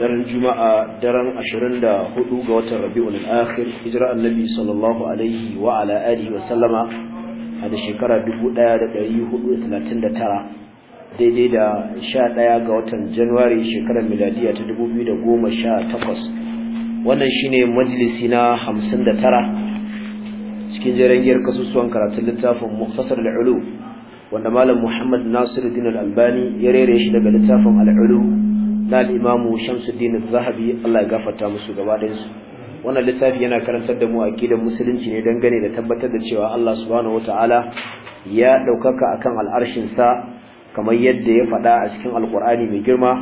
daren juma'a daren 24 ga watan rabi'ul akhir hijira annabi sallallahu alaihi wa ala alihi wa sallama a da shekara 1439 daidai da 11 ga watan januwari shekarar miladiya ta 2018 wannan shine majalisi na 59 cikin jeren giyar kasusuwan karatun littafin muktasar al'ulu wanda malam Muhammad Nasiruddin Al-Albani ya rere shi daga littafin al'ulu na al Shamsuddin zahabi Allah ya gafarta musu gaba wannan littafi yana karantar da mu aqidar musulunci ne dangane da tabbatar da cewa Allah subhanahu wataala ya daukaka akan al'arshin sa kamar yadda ya faɗa a cikin alkur'ani mai girma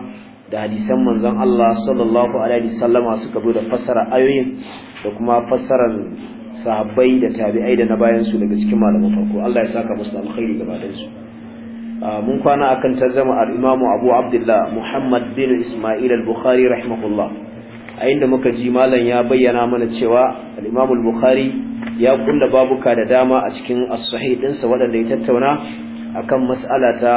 da hadisan manzon Allah sallallahu alaihi wasallama suka zo da fassara ayoyin da kuma fassaran sahabbai da tabi'ai da na bayan su daga cikin malaman farko Allah ya saka musu alkhairi gaba mun kwana akan tarjama al-Imam Abu Abdullah Muhammad bin Isma'il al-Bukhari rahimahullah a inda muka ji malam ya bayyana mana cewa al-Imam al-Bukhari ya kulla babuka da dama a cikin as-sahih dinsa waɗanda ya tattauna akan mas'ala ta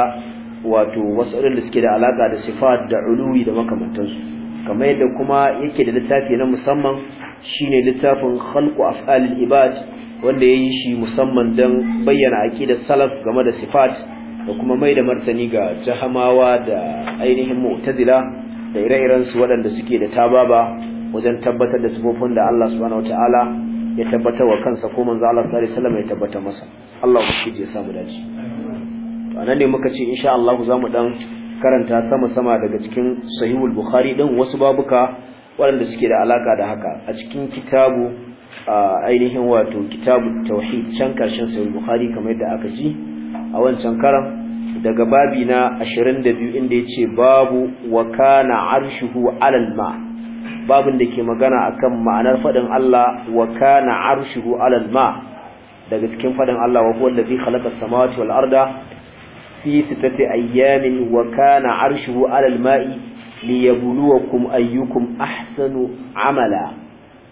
wato wasalin da suke da alaka da sifat da uluwi da makamantansu kamar yadda kuma yake da littafi na musamman shine littafin khalqu af'alil ibad wanda yayi shi musamman dan bayyana aqidar salaf game da sifat da kuma mai da martani ga jahamawa da ainihin mu'tazila da ire-iren su waɗanda suke da tababa wajen tabbatar da sifofin da Allah subhanahu wataala ya tabbatar wa kansa ko manzo Allah sallallahu alaihi wasallam ya tabbata masa Allah ubangiji sa mu dace to anan ne muka ce insha Allah za mu dan karanta sama sama daga cikin sahihul bukhari din wasu babuka waɗanda suke da alaka da haka a cikin kitabu ainihin wato kitabu tauhid can karshen sahihul bukhari kamar yadda aka ji a wancan karan daga babi na 22 inda yace babu wa kana arshuhu babin da ke magana akan ma'anar fadin Allah wa kana arshuhu alal ma daga cikin fadin Allah wa huwa allazi khalaqa as-samawati wal arda fi sittati ayyamin wa kana arshuhu alal ma'i liyabluwakum ayyukum ahsanu amala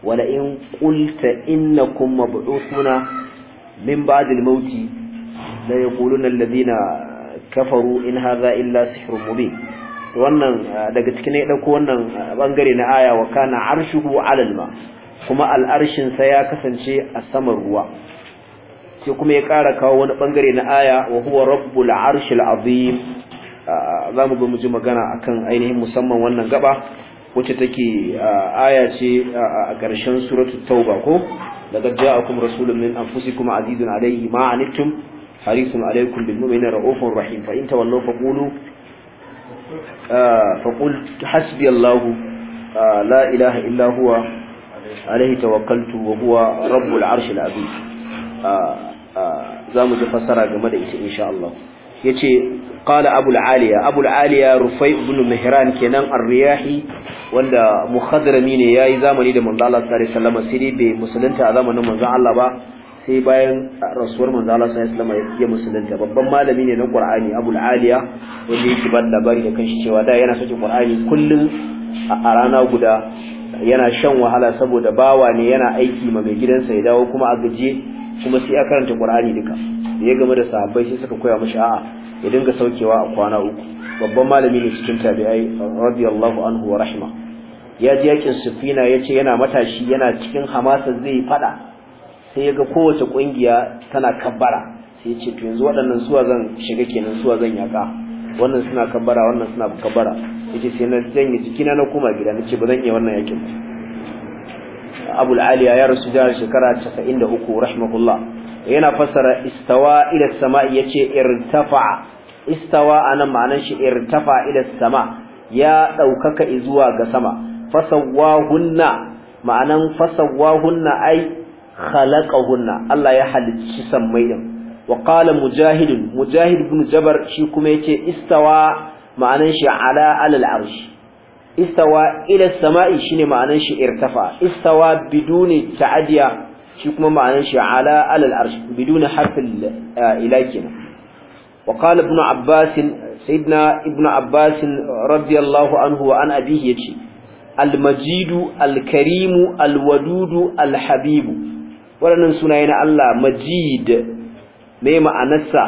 wa la in qulta innakum mab'uthuna min ba'd al-mauti la yaquluna alladhina kafaru in haza illa sihrun mubin wannan ah, daga cikin ne dauko wannan bangare ah, na aya wa kana arshuhu ala alma kuma arshin sa ya kasance a saman ruwa sai kuma ya ƙara kawo wani bangare na aya wa huwa rabbul arshil azim ah, mu ga mu ji magana akan ainihin musamman wannan gaba wacce take aya ce a ƙarshen suratul tauba ko لقد جاءكم رسول من أنفسكم عزيز عليه ما عنتم حريص عليكم بالمؤمن رؤوف رحيم فإن تولوا فقولوا فقل حسبي الله لا إله إلا هو عليه توكلت وهو رب العرش العظيم za mu ji fassara game da isa insha Allah yace qala abul aliya abul aliya rufai ibn mihran kenan ar-riyahi wanda muhadrami ne yayi zamani da manzo Allah sallallahu sai bai musulunta zamanin manzo Allah ba sai bayan rasuwar manzo Allah sallallahu alaihi ya musulunta babban malami ne na Qur'ani Abu aliya wanda yake ba labari da kanshi cewa da yana soke Qur'ani kullun a rana guda yana shan wahala saboda bawa ne yana aiki ma mai gidansa ya dawo kuma a gaje kuma sai ya karanta Qur'ani duka ya game da sahabbai sai suka koya mishi a'a ya dinga saukewa a kwana uku babban malami ne cikin tabi'ai radiyallahu anhu wa rahma ya ji yakin sufina yace yana matashi yana cikin hamasa zai fada sai ya ga kowace kungiya tana kabbara sai ya ce to yanzu waɗannan suwa zan shiga kenan suwa zan yaka wannan suna kabbara wannan suna kabbara yace sai na janye jikina na koma gida Na ce ba zan iya wannan yakin ba Abu Aliya ya rasu da shekara 93 rahmatullah yana fassara istawa ila sama'i yace irtafa istawa nan ma'anar shi irtafa ila sama ya daukaka zuwa ga sama fasawahunna ma'anan fasawahunna ai khalaqahunna Allah ya halicci sammai din wa qala mujahid mujahid ibn jabar shi kuma yace istawa ma'anan shi ala alal arsh istawa ila samai shine ma'anan shi irtafa istawa biduni ta'diya shi kuma ma'anan shi ala alal arsh biduni harfil eh, ila kenan وقال ابن radiyallahu anhu wa an رضي الله al-majidu al يتي al-wadudu al الحبيب waɗannan sunaye na Allah majid me ma'anarsa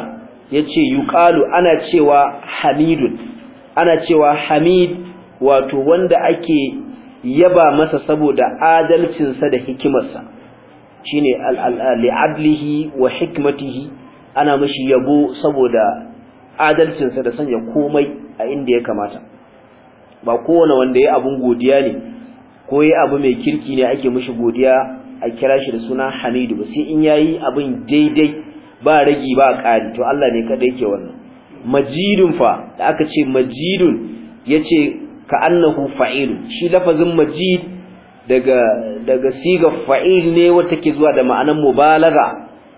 yace yuqalu ana cewa hamidun ana cewa hamid wato wanda ake yaba masa saboda adalcinsa da hikimarsa shine li'adlihi wa hikmatihi ana mashi yabo saboda adalcinsa da sanya komai a inda ya kamata ba kowane wanda ya abin godiya ne ko ya abu mai kirki ne ake mashi godiya a kira shi da suna hamidu ba sai in yayi abin daidai ba ragi ba ƙari to Allah ne kada yake wannan majidun fa da aka ce majidun yace ka annahu fa'ilu shi lafazin majid daga daga siga fa'il ne wata ke zuwa da ma'anar mubalaga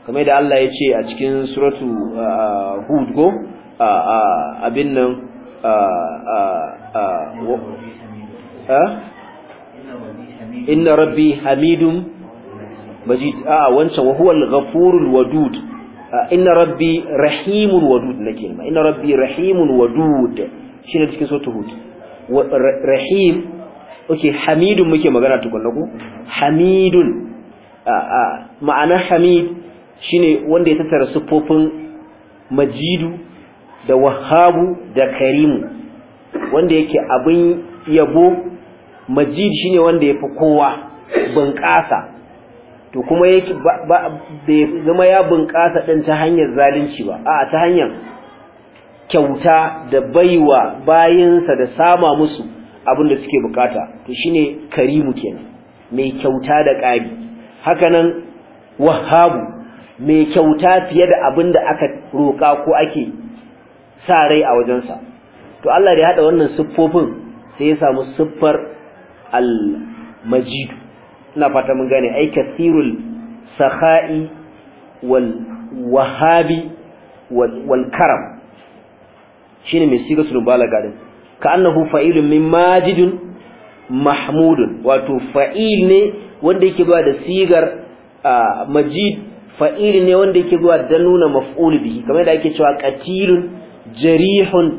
kamar da Allah yace a cikin suratu hud go abin nan inna rabbi hamidum majid a wancan wa huwal ghafurul wadud inna rabbi rahimul wadud nake ma inna rabbi rahimul wadud shine cikin sautu hud rahim okay hamidun muke magana tukunna ku hamidun ma'ana hamid shine wanda ya tattara sufofin majidu da wahabu da karimu wanda yake abin yabo majid shine wanda ya fi kowa bunƙasa to kuma yake bai zama ya bunƙasa ɗin ta hanyar zalunci ba a ta hanyar kyauta da baiwa bayansa da sama musu abin da suke bukata to shine karimu kenan mai kyauta da ƙari hakanan wahabu mai kyauta fiye da abin da aka roƙa ko ake sa rai a wajensa to Allah da ya haɗa wannan siffofin sai ya samu siffar al majid ina fata mun gane ai kasirul sakha'i wal wahabi wal karam shine mai sigatul balaga din ka annahu fa'ilun min majidun mahmudun wato fa'il ne wanda yake zuwa da sigar majid fa'il ne wanda yake zuwa da nuna maf'ul bihi kamar da ake cewa qatilun jarihun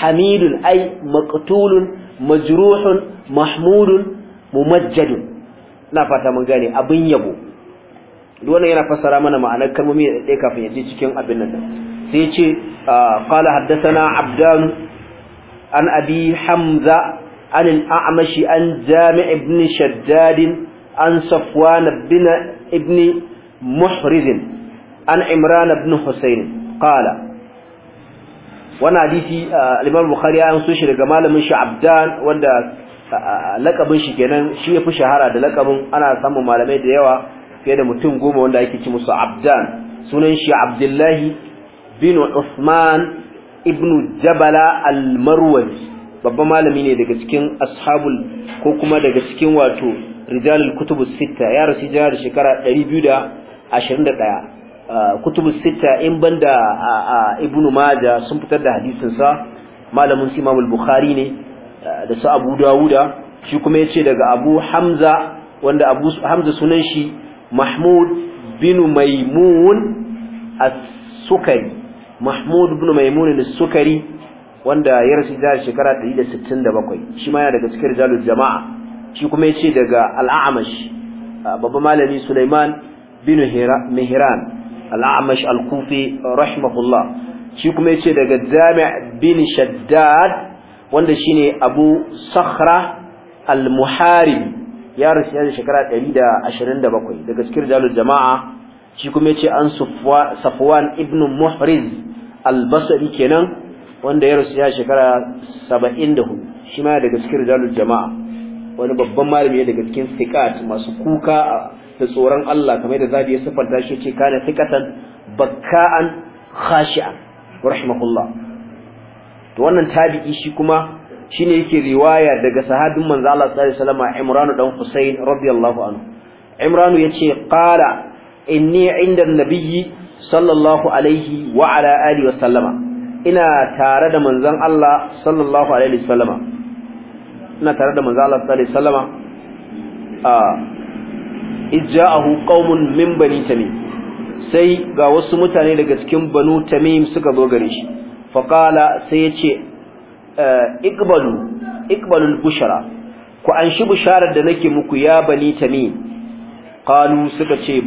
hamidun ay maqtulun majruhun mahmudun mumajjadun ina fata mun gane abin yabo duk wannan yana fassara mana ma'anar kalmomi da dai kafin ya je cikin abin nan sai ya ce ah, qala haddathana abdan an abi hamza an al-a'mash an jami' ibn shaddad an safwan ibn ibn muhriz an imran ibn husayn qala wani hadisi al-Imam ah, Bukhari an so shi daga malamin shi Abdan wanda lakabin shi kenan shi ya fi shahara da lakabin ana samun malamai da yawa fiye da mutum goma wanda ake ci musu abdan sunan shi abdullahi bin usman ibn jabala al-marwazi babban malami ne daga cikin ashabul ko kuma daga cikin wato rijalul kutubus sitta ya rasu jira da shekara 221 kutubus sitta in banda ibnu maja sun fitar da hadisin sa malamin su imamul bukhari ne Eh, da su Abu Dawuda shi kuma ya ce daga Abu Hamza wanda Abu Hamza sunan shi Mahmud bin Maimun as-Sukari Mahmud bin Maimun as-Sukari wanda ya rasu da shekara 167 shi ma yana daga cikin rijalul jama'a shi kuma ya ce daga Al-A'mash eh, babban malami Sulaiman bin Mihran Al-A'mash al-Kufi rahimahullah shi kuma ya ce daga Jami' bin Shaddad wanda shi ne Abu Sakhra al-Muharib ya rasu da shekara 127 daga cikin jalul jama'a shi kuma ya ce an Safwan ibn Muhriz al-Basri kenan wanda ya rasu ya shekara 74 shi ma daga cikin jalul jama'a wani babban malami ne daga cikin fiqat masu kuka da tsoron Allah kamar da zabi ya sifanta shi ce kana fiqatan bakka'an khashi'an rahimahullah to wannan tabi'i shi kuma shine yake riwaya daga sahabin manzo Allah sallallahu alaihi wasallam Imran dan Husayn radiyallahu anhu Imran yace qala inni inda nabiyyi sallallahu alaihi wa ala alihi wasallama ina tare da manzon Allah sallallahu alaihi wasallama ina tare da manzo Allah sallallahu alaihi wasallama a ijja'ahu qaumun min bani tamim sai ga wasu mutane daga cikin banu tamim suka zo gare shi faƙala sai ya ce eh, ikbalul bushara ku an shi bisharar da nake muku ya bani ne? Ƙanu suka ce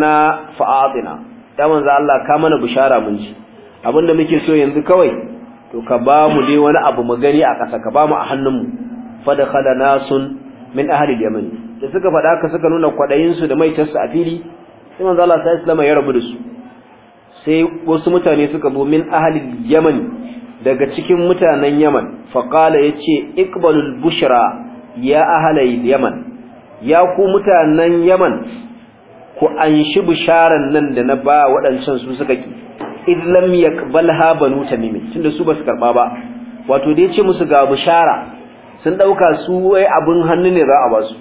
na fa'adina, ya manzo Allah ka mana bishara mun ji abinda muke so yanzu kawai to ka ba mu dai wani abu mu gani a ƙasa ka ba mu a hannunmu na sun min ahli yaman da suka faɗa ka suka nuna kwaɗayinsu su da maitarsu a fili sai manzo Allah sallallahu alaihi ya rabu da su sai wasu mutane suka zo min ahalil yaman daga cikin mutanen yaman faƙala ya ce ikbalul bushra ya ahalai yaman ya ku mutanen yaman ku anshi bisharan nan da na ba waɗancan su suka ki idlam yaqbalha banu tamim tunda su basu karba ba wato da yace musu ga bishara sun dauka su wai abin hannu ne za a ba su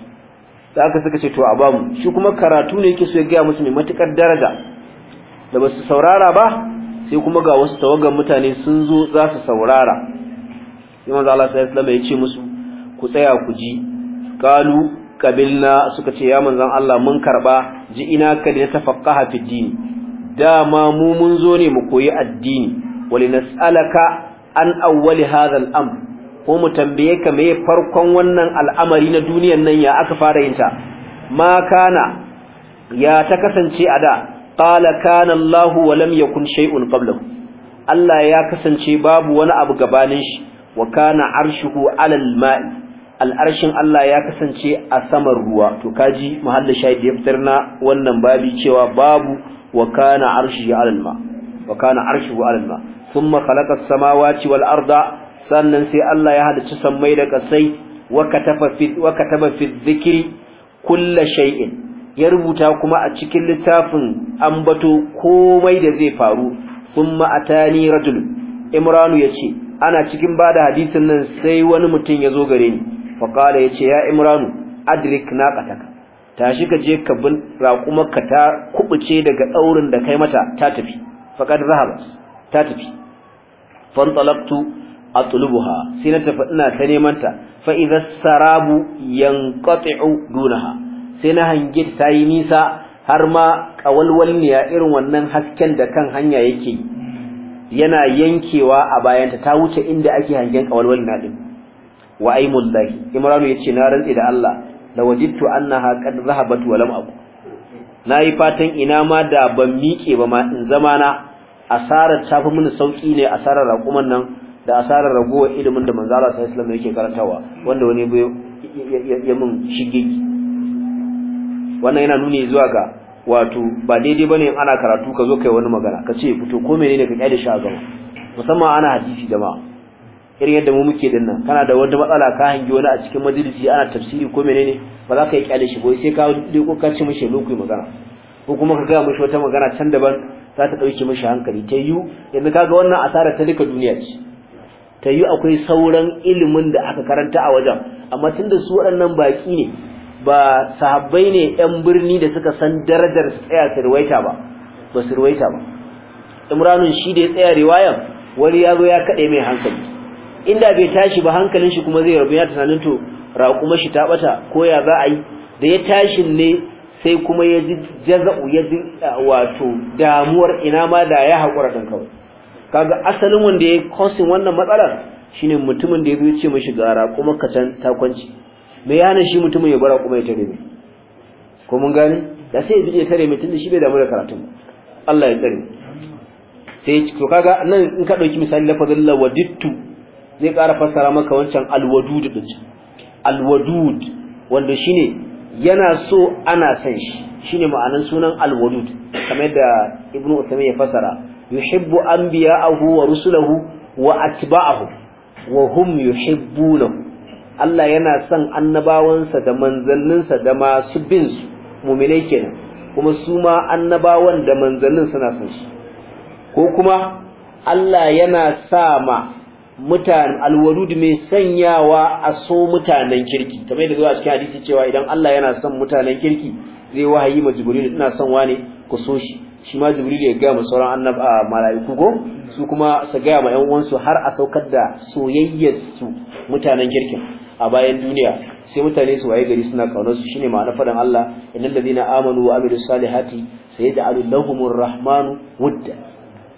da aka suka ce to a ba mu shi kuma karatu ne yake so ya ga musu mai matukar daraja da basu saurara ba sai kuma ga wasu tawagan mutane sun zo za su saurara imam manzo Allah sallallahu alaihi ya ce musu ku tsaya ku ji Kalu kabilna suka ce ya manzon Allah mun karba ji ina ka da tafaqqaha fi dini dama mu mun zo ne mu koyi addini walinas'alaka an awwal hadha al-amr ko mu tambaye ka me farkon wannan al'amari na duniyar nan ya aka fara yin ta ma kana ya ta kasance a da qala kana Allahu wa lam yakun shay'un qablahu Allah ya kasance babu wani abu gabanin shi wa kana arshuhu alal ma'i al'arshin Allah ya kasance a saman ruwa to kaji muhallin shahid ya fitar na wannan babi cewa babu wa kana arshuhu alal ma wa kana arshuhu alal ma thumma khalaqa as-samawati wal arda sannan sai Allah ya halicci sammai da kasai wa katafa fi wa kataba fi dhikri kullu shay'in ya rubuta kuma a cikin littafin ambato komai da zai faru thumma atani rajul imranu ya ce. ana cikin bada hadisin nan sai wani mutum ya zo gare ni faƙala ya ce ya imranu adrik ta tashi ka je ka bin ka ta kubuce daga ɗaurin da kai mata ta tafi faqad zahabas ta tafi a tulubuha sai na tafi ina ta neman ta fa idha sarabu dunaha sai na hangi ta yi nisa har ma ya irin wannan hasken da kan hanya yake yana yankewa a bayanta ta wuce inda ake hangen na din wa aimul lahi imranu yace na rantsi da Allah la wajidtu annaha qad zahabat wa lam aku nayi fatan ina ma da ban miƙe ba ma in zama na asarar ta fi mini sauki ne asarar raƙuman nan da asarar ragowar ilimin da manzo Allah sallallahu alaihi wasallam yake karantawa wanda wani ya min shigigi wannan yana nuni zuwa ga wato ba daidai bane in ana karatu ka zo kai wani magana ka ce fito ko menene ka kaida shi musamman ana hadisi jama'a irin yadda mu muke din nan kana da wata matsala ka hangi wani a cikin majalisi ana tafsiri ko menene ba za ka yi kyale shi ba sai ka dai ka ci mishi lokaci magana ko kuma ka ga mishi wata magana can daban za ta dauke mishi hankali ta yi yanzu kaga wannan asara ta duka duniya ce ta yi akwai sauran ilimin da aka karanta a wajen amma tunda su waɗannan baki ne ba sahabbai ne yan birni da suka san darajar tsaya su ruwaita ba ba su ruwaita ba imranun shi da ya tsaya riwayan wani ya zo ya kaɗe mai hankali inda bai tashi ba hankalin shi kuma zai rabu ya tunanin to raƙuma shi ta ɓata ko ya za a yi da ya tashi ne sai kuma ya ji jaza'u ya ji wato damuwar ina ma da ya haƙura ɗan kawai kaga asalin wanda ya kosin wannan matsalar shine mutumin da ya zo ya ce mashi gara kuma ka can takwanci me shi mutumin ya bara kuma ya tare mai ko mun gane da sai ya tare mai tunda shi bai damu da karatun Allah ya tsare sai to kaga nan in ka dauki misali lafazin lawadittu zai kara fassara maka wancan alwadud din alwadud wanda shine yana so ana san shi shine ma'anan sunan alwadud kamar da ibnu usman ya fassara yuhibbu anbiya'ahu wa rusulahu wa atba'ahu wa hum yuhibbunahu Allah yana son annabawansa da manzanninsa da masu bin su mumine kenan kuma su ma annabawan da manzannin suna son shi? ko kuma Allah yana sa ma mutane alwalud mai sanyawa a so mutanen kirki kamar yadda zuwa cikin hadisi cewa idan Allah yana son mutanen kirki zai wahayi ma jibril ina son wane ku so shi shi ma jibril ya ga sauran annab a malaiku ko su kuma su ga ma yan uwansu har a saukar da soyayyar su mutanen kirkin a bayan duniya sai mutane su waye gari suna kaunar su shine ma'ana fadan Allah innal ladina amanu wa amilus salihati sayaj'alu lahumur rahmanu wudda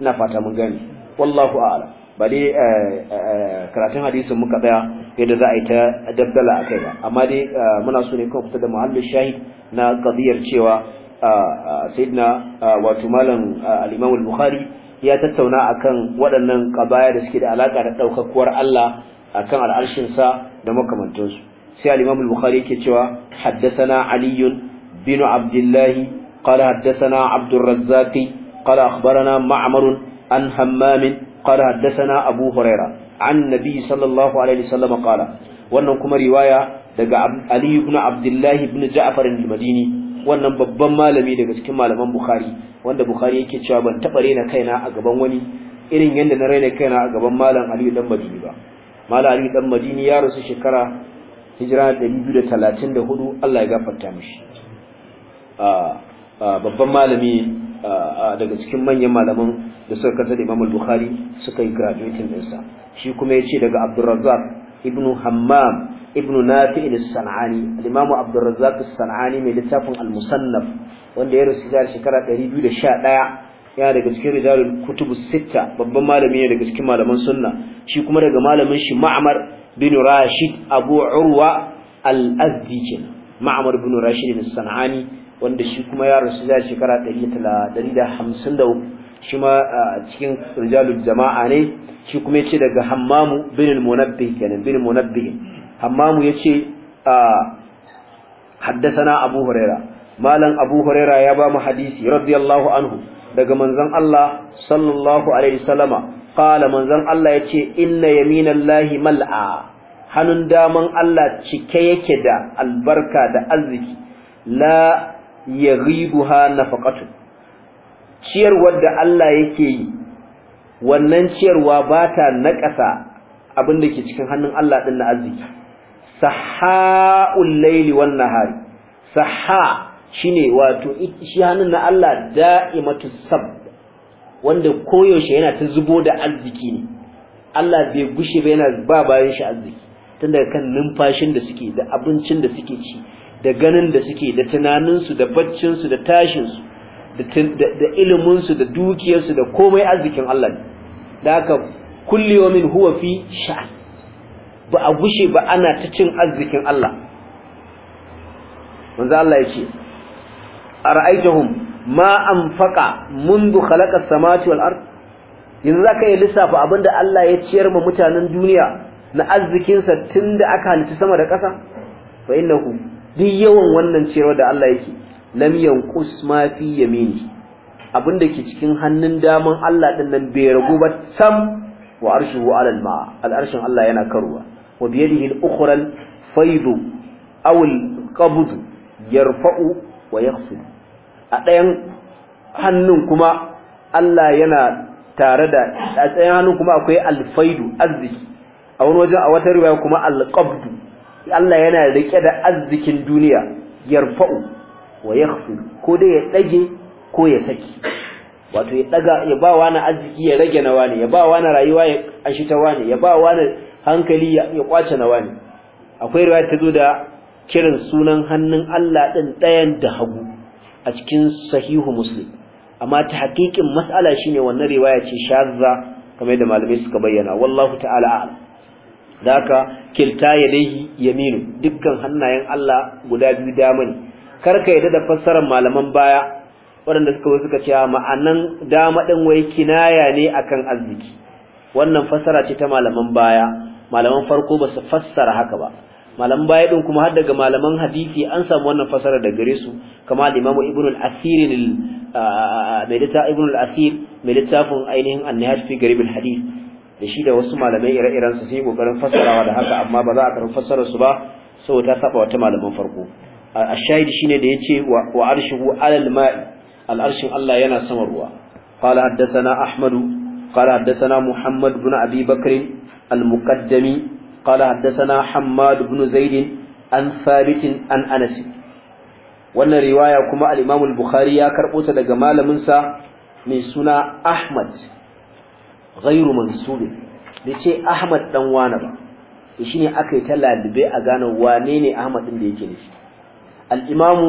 ina fata mun gane wallahu a'lam bari eh, eh, eh, karatun hadisin muka tsaya yadda za a yi ta daddala a kai ba amma dai muna so ne kawai fita da muhallin shahi na qadiyar cewa sayyidina wato malam al-imam al-bukhari ya tattauna akan waɗannan qabaya da suke da alaka da ɗaukakuwar Allah akan al'arshin sa da makamantansu sai al-Imam al-Bukhari yake cewa haddathana Ali bin Abdullah qala haddathana Abdul Razzaq qala akhbarana Ma'mar an Hammam qala haddathana Abu Huraira an Nabi sallallahu alaihi wasallam qala wannan kuma riwaya daga Ali ibn Abdullah ibn Ja'far al-Madini wannan babban malami daga cikin malaman Bukhari wanda Bukhari yake cewa ban taɓa rena kaina a gaban wani irin yadda na raina kaina a gaban malam Aliyu dan Madini ba mala ali dan madini ya rasu shekara hijira 234 Allah ya gafarta mishi babban malami daga cikin manyan malaman da suka kasa da Imam Bukhari suka yi graduating sa shi kuma ya ce daga Abdurrazzaq ibn Hammam ibn Nafi' al-San'ani al-Imam Abdurrazzaq al-San'ani mai littafin al-Musannaf wanda ya rasu shekara 211 ya daga cikin rijalul kutubu sitta babban malami ne daga cikin malaman sunna shi kuma daga malamin shi ma'mar bin rashid abu urwa al-azdi ma'mar bin rashid bin sanani wanda shi kuma ya rasu da shekara 153 shi ma cikin rijalul jama'a ne shi kuma yace daga hammamu bin al-munabbih kenan bin munabbih hammamu yace حدثنا abu hurairah malam abu hurairah ya ba mu hadisi radiyallahu anhu. daga manzon Allah sallallahu alaihi wasallama qala manzon Allah yace inna yaminallahi mal'a hannun daman Allah cike yake da albarka da arziki la yaghibuha nafaqatu ciyarwar da Allah yake yi wannan ciyarwa ba ta naƙasa abin da ke cikin hannun Allah ɗin na arziki saha'ul laili wan nahari saha shine wato shi hannun na Allah da'imatu sab wanda koyaushe yana ta zubo da arziki ne Allah bai gushe ba yana ba bayan shi arziki tun daga kan numfashin da suke da abincin da suke ci da ganin da suke da tunaninsu da baccinsu da tashinsu da iliminsu da dukiyarsu da komai arzikin Allah ne da haka kulliyomin huwa fi sha'an ba a gushe ba ana ta cin arzikin Allah manzo Allah ya ce ara'aitahum ma anfaqa mundu khalaqa samawati wal ard yanzu zaka yi lissafa abinda Allah ya ciyar ma mutanen duniya na arzikin sa tunda aka halitta sama da ƙasa fa innahu duk yawan wannan ciyarwa da Allah yake lam yanqus ma fi yamini abinda ke cikin hannun daman Allah din nan bai ragu ba sam wa arshuhu ala al-ma al-arshin Allah yana karuwa wa bi yadihi al-ukhra al-faydu aw al-qabd yarfa'u wa yaksu a ɗayan hannun kuma Allah yana tare da a ɗayan hannun kuma akwai alfaidu arziki a wani wajen a wata riwaya kuma alƙabdu Allah yana rike da arzikin duniya yarfa'u wa yaksu ko dai ya ɗage ko ya saki wato ya ɗaga ya ba wani arziki ya rage na wani ya ba wani rayuwa ya ashi ta wani ya ba wani hankali ya kwace na wani akwai riwaya ta zo da kiran sunan hannun Allah ɗin ɗayan da hagu a cikin sahihu muslim amma ta hakikin mas'ala shine wannan riwaya ce shazza kamar da malamai suka bayyana wallahu ta'ala Da daka kilta yadayhi yaminu dukkan hannayen Allah guda biyu dama ne karka yadda da fassarar malaman baya waɗanda suka wasu suka ce ma'anan dama ɗin wai kinaya ne akan arziki wannan fassara ce ta malaman baya malaman farko ba su fassara haka ba malaman baya din kuma har daga malaman hadisi an samu wannan fasara da gare su kama al-imamu ibn al-asir mai littafin ibn al-asir mai littafin ainihin an-nihaj fi garib al-hadith da shi da wasu malamai ire-iren su sai kokarin fasarawa da haka amma ba za a karin fassara su ba saboda ta saba wata malaman farko ash-shahid shine da yace wa arshuhu alal ma'i al-arshin Allah yana sama ruwa qala haddathana ahmadu qala haddathana muhammad ibn abi bakr al-muqaddami قال حدثنا حماد بن زيد عن ثابت عن أنس wannan riwaya kuma al-Imam bukhari ya karɓo ta daga malamin sa mai suna Ahmad ghairu mansub ce Ahmad dan wana ba to shine akai ta lalube a gano wane ne Ahmad din da yake nufi al-Imam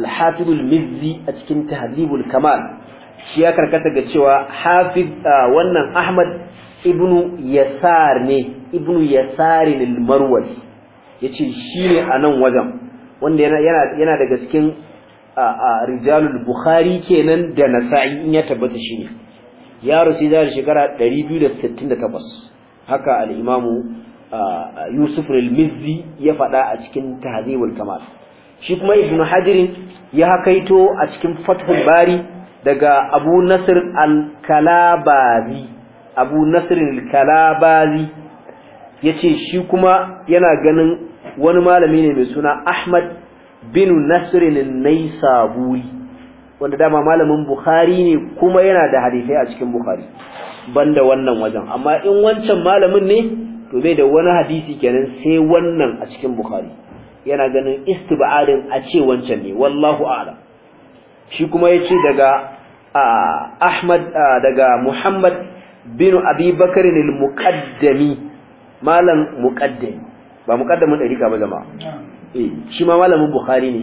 al-Hafiz al-Mizzi a cikin Tahdhibul Kamal shi ya karkata ga cewa Hafiz wannan Ahmad ibnu yasar ne ibnu yasar al-marwazi yace ne anan wajen wanda yana yana daga cikin rijalul bukhari kenan da nasa'i in ya tabbata shine ya rusu da shekara 268 haka al-imamu yusuf al-mizzi ya faɗa a cikin tahzibul kamal shi kuma ibnu Hadirin ya hakaito a cikin fathul bari daga abu nasr al-kalabazi abu nasirin kalabazi ya ce shi kuma yana ganin wani malami ne mai suna ahmad bin nasirin naisaburi wanda dama malamin bukhari ne kuma yana da hadisai a cikin bukhari banda wannan wajen amma in wancan malamin ne to bai da wani hadisi kenan sai wannan a cikin bukhari yana ganin istibadin a ce wancan ne wallahu a'lam shi kuma yace daga ah, ahmad ah, daga muhammad bin abi bakar al-muqaddami malam muqaddami ba muƙaddamin ɗarika ba zama eh shi ma malamin bukhari ne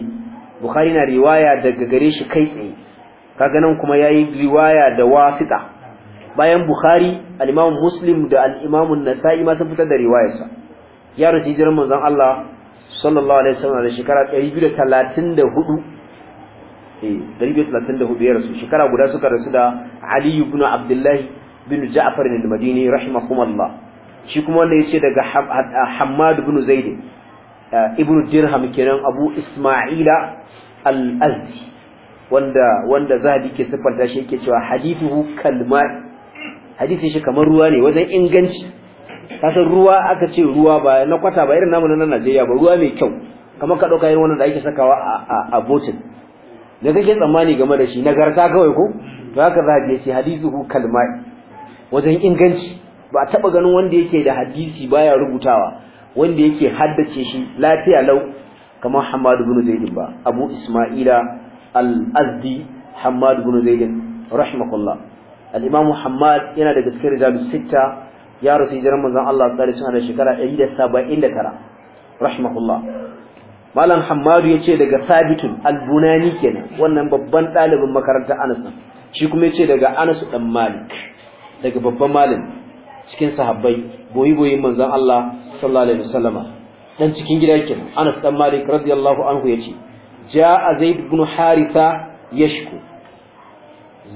bukhari na riwaya daga gare shi kai tsaye kaga nan kuma yayi riwaya da wasita bayan bukhari al-imam muslim da al-imam an-nasa'i ma sun fitar da riwayarsa ya rasu jiran manzon Allah sallallahu alaihi wasallam da shekara 234 eh 234 ya rasu shekara guda suka rasu da Ali ibn Abdullah bin Ja'far bin madini rahimahumullah shi kuma wanda yace daga Hammad bin Zaid eh, ibn Dirham kenan Abu Isma'ila al-Azdi wanda wanda Zahabi ke sifanta shi yake cewa hadithu kalma hadisin shi kamar ruwa ne wajen inganci kasan ruwa aka ce ruwa ba na kwata ba irin namu na Najeriya ba ruwa mai kyau kamar ka dauka irin wannan da ake sakawa a a botin da kake tsammani game da shi nagarta kawai ko to haka Zahabi yace hadithu kalma wajen inganci ba a taba ganin wanda yake da hadisi baya rubutawa wanda yake haddace shi lafiya lau kamar Hamad ibn Zaid ba Abu Isma'ila al-Azdi Hamad ibn Zaid rahimahullah al-Imam Muhammad yana da gaske rijalus sitta ya rasu jiran manzon Allah sallallahu alaihi wasallam shekara 179 rahimahullah Malam Hammadu yace daga Sabitun al-Bunani kenan wannan babban dalibin makarantar Anas shi kuma yace daga Anas dan Malik daga babban malin cikin sahabbai boyi boyin manzan Allah sallallahu alaihi wasallama dan cikin gida yake Anas dan Malik radiyallahu anhu yace jaa Zaid ibn Haritha yashku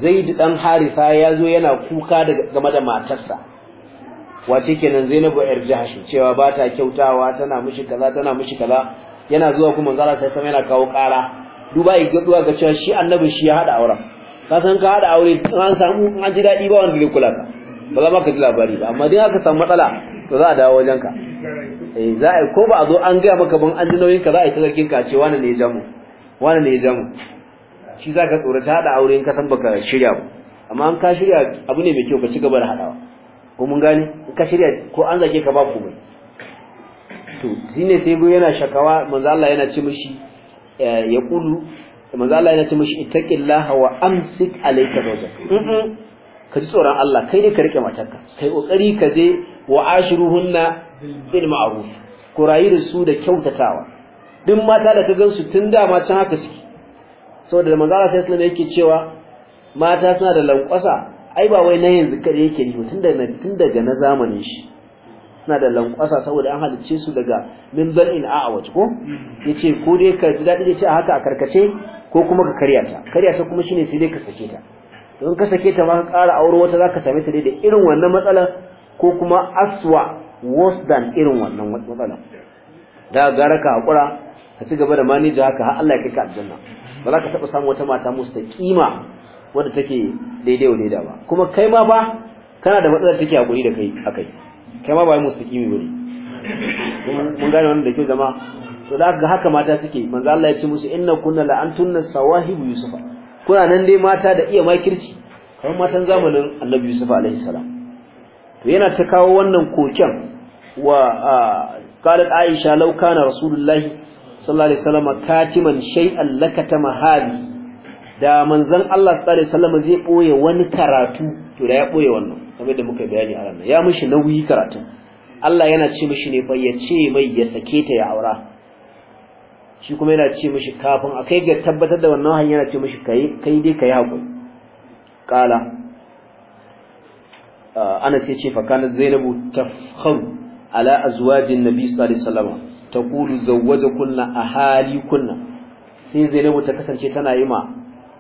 Zaid dan Haritha yazo yana kuka daga game da matarsa wace kenan Zainabu yar Jahash cewa ba ta kyautawa tana mishi kaza tana mishi kaza yana zuwa kuma manzala sai sama yana kawo kara duba ya ga cewa shi Annabi shi ya hada auren ka san ka hada aure an samu an ji daɗi ba wanda ke kula ka ba za ma ka ji labari ba amma dai aka samu matsala to za a dawo wajen ka eh za a ko ba a zo an gaya maka ban an ji nauyin ka za a yi tsarkin ka ce wani ne ya jamu wani ne ya jamu shi za ka tsorata hada aure in ka san baka shirya ba amma an ka shirya abu ne mai kyau ka ci gaba da hadawa ko mun gane in ka shirya ko an zage ka ba komai to shine sai go yana shakawa manzo Allah yana ce mishi eh, ya kulu da manzo Allah yana ce mishi ittaqillaha wa amsik alayka zawjak mhm. ka ji tsoron Allah kai ne ka rike matarka kai kokari ka je wa ashiruhunna bil ma'ruf ku rayu da su da kyautatawa duk mata da ka gansu tun da ma can haka suke saboda manzo Allah sai sallama yake cewa mata suna da lankwasa ai ba wai na yanzu kare yake ni tun daga tun daga na zamanin shi suna da lankwasa saboda an halicce su daga min zal'in a'awaj ko mm. yace ko dai ka ji dadi yace ce a haka a karkace ko kuma ka karya ta karya ta kuma shine sai dai ka sake ta to in ka sake ta ma ka ƙara aure wata zaka same ta dai da irin wannan matsalar ko kuma aswa worse than irin wannan matsalar da gara ka hakura ka ci gaba da manija haka har Allah ya kai ka aljanna ba za ka taɓa samun wata mata mustaqima wadda take daidai wa daidai ba kuma kai ma ba kana da matsalar take hakuri da kai akai kai ma ba mustaqimi bane mun gane wannan da ke zama to da ga haka mata suke manzo Allah ya ce musu inna kunna la antunna sawahib yusufa kuna nan dai mata da iya makirci kamar matan zamanin Annabi Yusuf alaihi salam to yana ta kawo wannan koken wa qalat Aisha law kana Rasulullah sallallahu alaihi wasallam katiman shay'an lakatama hadi da manzon Allah sallallahu alaihi wasallam zai boye wani karatu to da ya boye wannan kamar da muka bayani a ranar ya mishi nauyi karatu Allah yana ce mishi ne fa ce mai ya sake ta ya aura shi kuma yana ce mishi kafin a kai ga tabbatar da wannan hanyar yana ce mishi kai kai dai kai hakuri qala ana sai ce fa kana zainabu tafkharu ala azwajin nabi sallallahu alaihi wasallam a hali kunna. sai zainabu ta kasance tana yi ma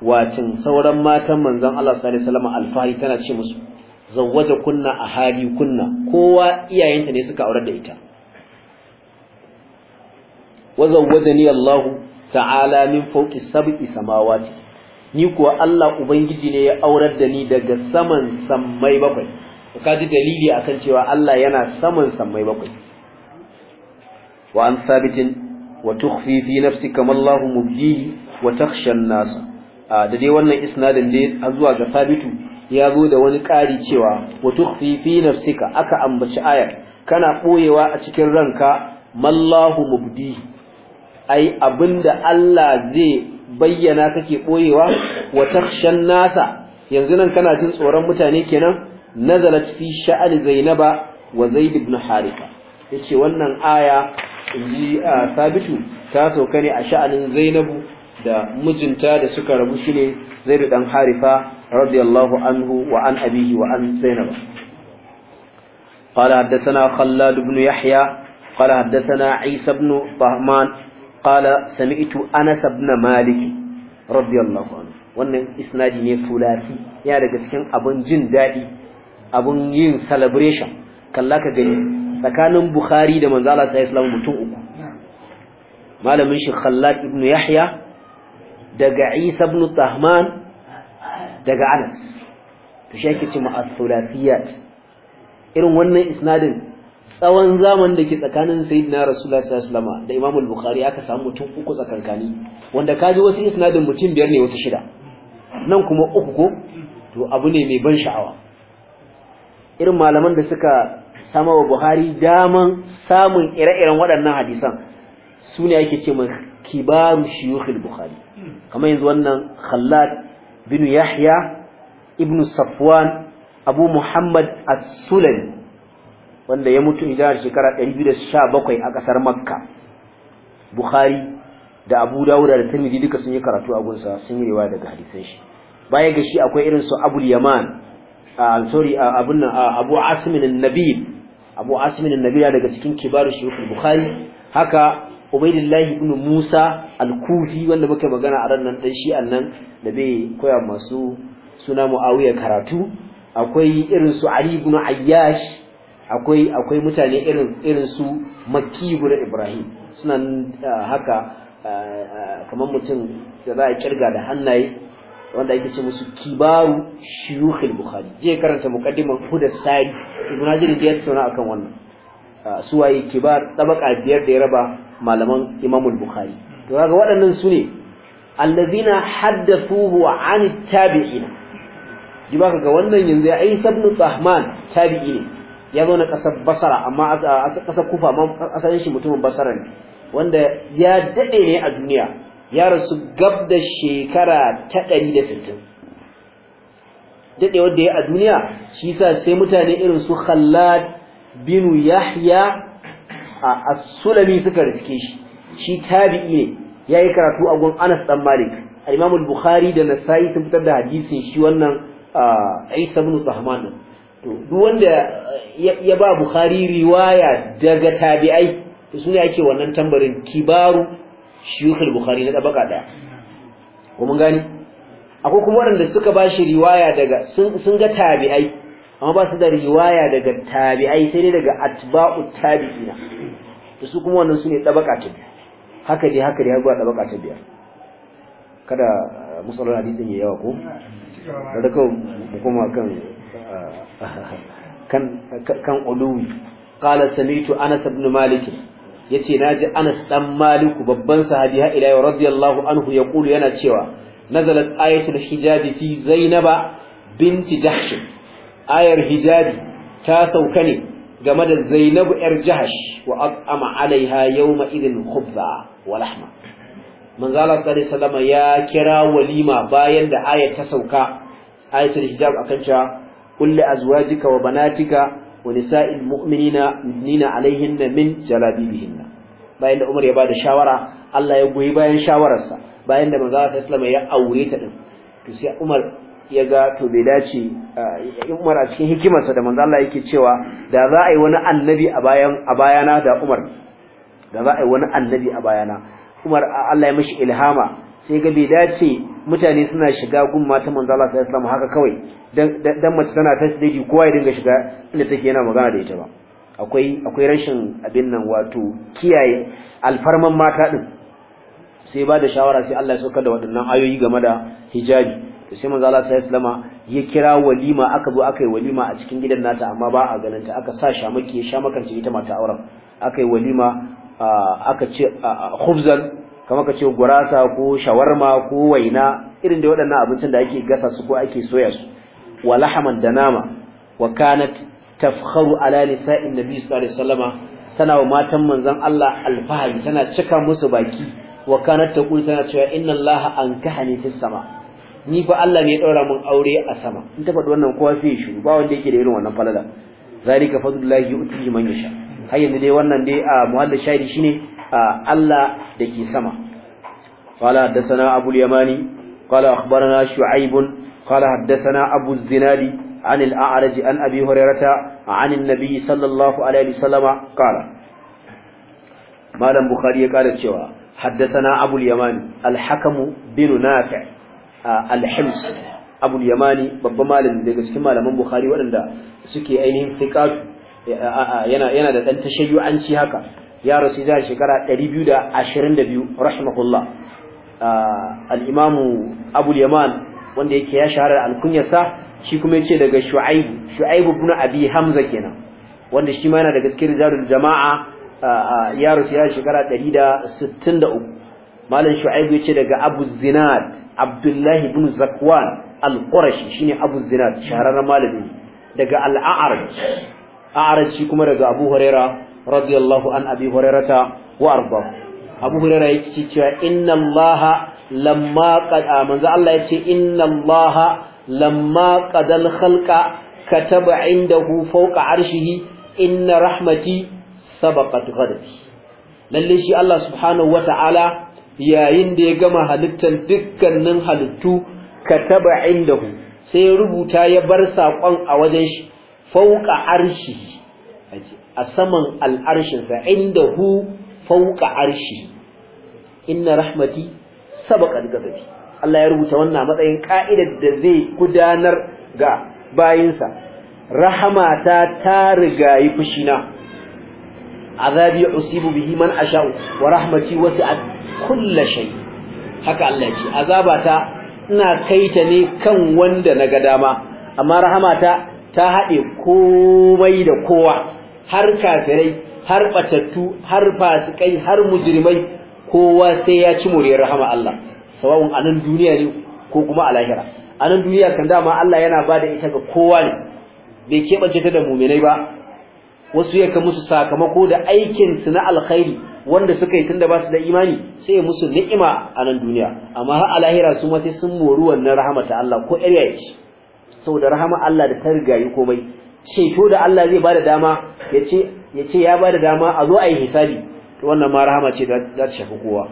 wacin sauran matan manzon Allah sallallahu alaihi wasallam alfahari tana ce musu hali kunna. kowa iyayenta ne suka aurar da ita wa zawwadani Allah ta'ala min fawqi sab'i samawati ni kuwa Allah ubangiji ne ya aurar da ni daga saman sammai bakwai ka ji dalili akan cewa Allah yana saman sammai bakwai wa an sabitin wa tukhfi fi nafsika ma Allah mubdihi wa takhsha an-nas da dai wannan isnadin dai zuwa ga sabitu ya zo da wani ƙari cewa wa tukhfi nafsika aka ambaci ayar kana ɓoyewa a cikin ranka mallahu mubdihi ai abinda Allah zai bayyana kake boyewa wa takshan nasa yanzu nan kana jin tsoron mutane kenan nazalat fi sha'al zainaba wa zaid ibn haritha yace wannan aya inji sabitu ta sauka ne a sha'anin zainabu da mijinta da suka rabu shine zaid dan haritha radiyallahu anhu wa an abihi wa an zainaba قال حدثنا خلاد بن يحيى قال حدثنا عيسى بن طهمان qala sami'tu anas ibn malik radiyallahu wannan isnadi ne fulasi ya daga cikin abun jin daɗi abun yin celebration kalla ka gani tsakanin bukhari da manzo Allah mutum uku malamin shi khallad ibn yahya daga isa ibn tahman daga anas to shi yake cewa as irin wannan isnadin tsawon zaman da ke tsakanin sayyidina rasulullahi sallallahu alaihi wasallam da imam al-bukhari aka samu mutum uku tsakankani wanda kaji wasu isnadin mutum biyar ne wasu shida nan kuma uku ko to abu ne mai ban sha'awa irin malaman da suka sama wa buhari daman samun ire-iren waɗannan hadisan su ne ake ce mai kibaru shiyukhil bukhari kamar yanzu wannan khallad bin yahya ibnu safwan abu muhammad as sulaimi wanda ya mutu a shekara 217 a kasar makka bukhari da abu dawuda da tirmidhi duka sun yi karatu a gunsa sun yi riwaya daga hadisan shi baya ga shi akwai irin su abul yaman sorry abun abu asimin nabil abu asimin nabil daga cikin kibaru shuyukh bukhari haka ubaidillahi ibn musa al-kufi wanda muke magana a ran nan dan shi annan da bai koya masu suna muawiya karatu akwai irin su ali ibn ayyash akwai akwai mutane irin irin su makki ibn ibrahim suna ah, haka ah, ah, kamar mutum da za a kirga da hannaye wanda ake ce musu kibaru shuyukhil bukhari je karanta muqaddiman hudas sari ibn hazir ya tsona akan wannan Su waye kibar tabaka biyar da ya raba malaman imamul bukhari to kaga waɗannan su ne allazina haddathuhu an tabi'ina ji baka ga wannan yanzu ya isa ibn tahman tabi'i ne ya zo na ƙasar basara amma a ƙasar kufa amma asalin shi mutumin basara ne wanda ya daɗe ne a duniya ya rasu gab da shekara ta ɗari da sittin Daɗe wanda ya a duniya shi sa sai mutane irin su khallad binu yahya a as-sulami suka riske shi shi tabi'i ne yayi karatu a gun Anas dan Malik al-Imam bukhari da Nasa'i sun fitar da hadisin shi wannan Isa ibn Tahman to duk wanda ya ba bukhari riwaya daga tabi'ai to sune ake wannan tambarin kibaru shuyukhul bukhari na tabaka daya ko mun gani akwai kuma wanda suka ba shi riwaya daga sun ga tabi'ai amma ba su da riwaya daga tabi'ai sai dai daga atba'u tabi'ina to su kuma wannan sune tabaka ta biyu haka dai haka dai har zuwa tabaka ta biyar kada musallan hadisin yayawa yawa ko da kawai mu koma kan kan kan uluwi qala samitu anas ibn malik yace naji anas dan maliku babban sahabi ha ila radiyallahu anhu yaqulu yana cewa nazalat ayatul hijabi fi zainaba binti jahsh ayar hijabi ta sauka ne game da zainabu yar jahash wa aqama alaiha yawma idin khubza wa lahma manzo Allah sallallahu ya kira walima bayan da ayar ta sauka ayatul hijab akan cewa قل لأزواجك وبناتك ونساء المؤمنين يدنين عليهن من جلابيبهن bayan da Umar ya da shawara Allah ya goyi bayan shawararsa bayan da manzo sallallahu ya aure ta din to Umar ya ga to bai dace Umar a cikin hikimarsa da manzo Allah yake cewa da za a yi wani annabi a bayan a bayana da Umar da za a yi wani annabi a bayana Umar Allah ya mishi ilhama sai ga bai dace mutane suna shiga gun mata manzo Allah sallallahu alaihi haka kawai dan mace tana tasdidi kowa ya dinga shiga inda take yana magana da ita ba akwai akwai rashin abin nan wato kiyaye alfarman mata din sai ba da shawara sai Allah ya saukar da waɗannan ayoyi game da hijabi to sai manzo Allah sallallahu alaihi ya kira walima aka zo aka yi walima a cikin gidan nata amma ba a ganin ta aka sa shamaki ya ce ita mata auren aka yi walima aka ce kamar ka ce gurasa ko shawarma ko waina irin da waɗannan abincin da ake gasa su ko ake soya su wa lahaman da nama wa kanat tafkharu ala nisa'in nabi sallallahu alaihi wasallama tana wa matan manzon Allah alfahari tana cika musu baki wa kanat taqul tana cewa inna Allah ankahani fis sama ni fa Allah ne ya daura mun aure a sama in ta faɗi wannan kowa sai ya shiru ba wanda yake da irin wannan falala zalika fadlullahi yu'tihi man yasha har dai wannan dai a muhallin shahidi shine Allah da ke sama qala haddasa abu al-yamani qala akhbarana shu'aib qala haddathana abu az-zinadi an al-a'raj an abi hurairata an an-nabi sallallahu alaihi wasallam qala malam bukhari ya kara cewa haddathana abu al-yamani alhakamu binu bin nafi' al-himsi abu yamani babban malam daga cikin malaman bukhari waɗanda suke ainihin fiqatu yana da ɗan da dan ci haka ya rasu da shekara 222 rahimahullah ah, al'imamu Abu Yaman wanda yake ya shahara al shi kuma ya ce daga Shu'aibu Shu'aibu ibn Abi Hamza kenan wanda shi ma yana daga cikin rijalul jama'a ah, ah, ya rasu zai shekara 163 malam ya ce daga Abu Zinad Abdullahi bin Zakwan al-Qurashi shine Abu Zinad shahararren malami daga al-A'raj shi kuma daga Abu Hurairah radiyallahu an abi hurairata wa arba abu hurairah yake cewa inna allah lamma qada ah, manzo Allah yace inna allah lamma al khalqa kataba indahu fawqa arshihi inna rahmati sabaqat ghadabi lalle shi Allah subhanahu ta'ala yayin da ya gama halittar dukkanin halittu kataba indahu sai rubuta ya bar sakon a wajen shi fauka arshi aje a saman al'arshinsa inda hu fauka arshi inna rahmati sabaqat ghadabi Allah ya rubuta wannan matsayin ka'idar da zai gudanar ga bayinsa rahamata ta rigayi fushina azabi usibu bihi man asha'u wa rahmati a kulla shai. haka Allah ce azabata ina kai ta ne kan wanda na ga dama amma rahamata ta haɗe komai da kowa har kafirai har batattu har fasikai har mujrimai kowa sai ya ci muriyar rahama Allah sawa'un anan duniya ne ko kuma a lahira anan duniya kan dama Allah yana bada ita ga kowa ne bai keɓance ta da muminai ba wasu ya ka musu sakamako da aikin su na alkhairi wanda suka yi tunda ba su da imani sai ya musu ni'ima a nan duniya amma har a lahira su ma sai sun mori wannan rahama ta Allah ko iriya ce saboda rahama Allah da ta rigayi komai ceto da Allah zai bada dama yace yace ya bada dama a zo a yi hisabi to wannan ma rahama ce za ta shafi kowa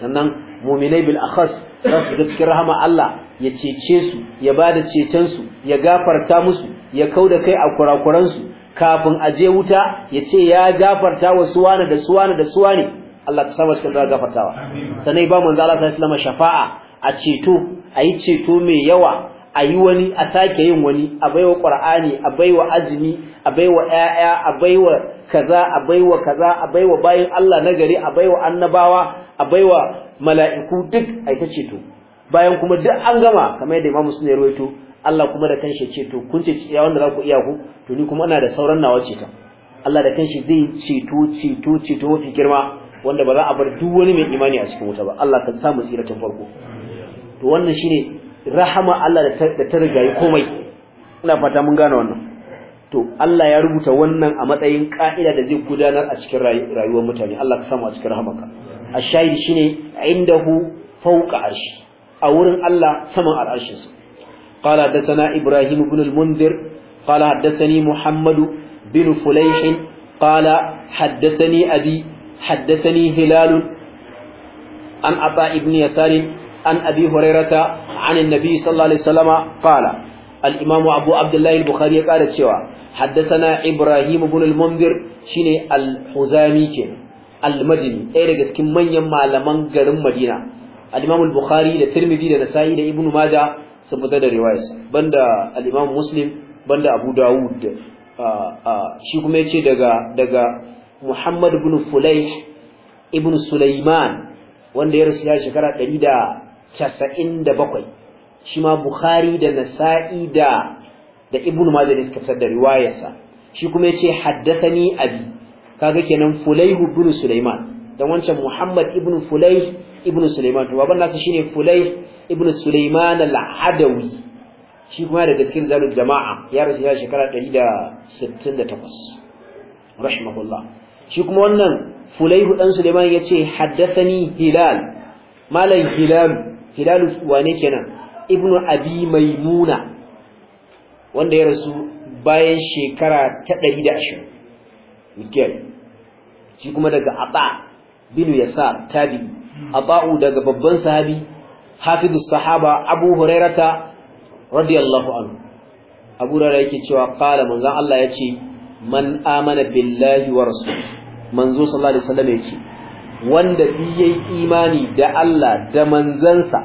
sannan mu'minai bil akhas za su cikin rahama Allah ya cece su ya bada cecen su ya gafarta musu ya kauda kai a kurakuran su kafin a je wuta ya ce ya gafarta wa suwana da suwana da suwani Allah ka saba cikin gafartawa Sannan ba manzo Allah sallallahu alaihi wasallam shafa'a a ceto ayi ceto mai yawa a yi wani a sake yin wani a baiwa qur'ani a baiwa azumi a baiwa ƴaƴa a baiwa kaza a baiwa kaza a baiwa bayin Allah na gari a baiwa annabawa a baiwa mala'iku duk ai ta ceto bayan kuma duk an gama kamar yadda Imam Muslim ya rawaito Allah kuma da kanshi ce to kun ce ya wanda za ku iya ku to ni kuma ina da sauran nawa ce ta Allah da kanshi zai ceto ceto ceto mafi girma wanda ba za a bar duk wani mai imani a cikin wuta ba Allah ka sa mu tsira tun farko to wannan shine rahama Allah da ta rigayi komai ina fata mun gane wannan to Allah ya rubuta wannan a matsayin ka'ida da zai gudanar a cikin rayuwar mutane Allah ka samu a cikin rahamaka ashahid shine indahu fawqa arshi a wurin Allah saman al'arshinsa qala hadathana ibrahim ibn al-mundhir qala hadathani muhammad bin fulayh qala hadathani abi hadathani hilal an ata ibn yasar an abi hurairah عن النبي صلى الله عليه وسلم قال الإمام أبو عبد الله البخاري قال تشوى حدثنا إبراهيم بن المنذر شيني الحزامي كين المدني إيرجت كم من يما لمن قرم مدينة الإمام البخاري لترمذي لنسائي لابن سبت هذا الرواية بند الإمام مسلم بند أبو داود shi kuma yace دقا daga Muhammad ibn Fulayh ibn Sulaiman wanda ya rasu ya shekara casa'in da bakwai shi ma bukhari da nasa'i da da ibnu majah ne suka fitar da riwayarsa shi kuma yace haddathani abi kaga kenan fulayh ibn sulaiman dan wancan muhammad ibn fulayh ibn sulaiman to baban nasa shine fulayh ibn sulaiman al-adawi shi kuma daga cikin zalul jama'a ya rasu ya shekara 168 rahimahullah shi kuma wannan fulayh dan sulaiman yace haddathani hilal malam hilal hilal wane kenan ibnu abi maimuna wanda ya rasu bayan shekara ta 120 mikiyar shi kuma daga aba bin yasar tabi aba'u daga babban sahabi hafizus sahaba abu hurairata radiyallahu anhu abu hurairah yake cewa qala manzon Allah yace man amana billahi wa rasul manzo sallallahu alaihi wasallam yace wanda yayi imani da Allah da manzansa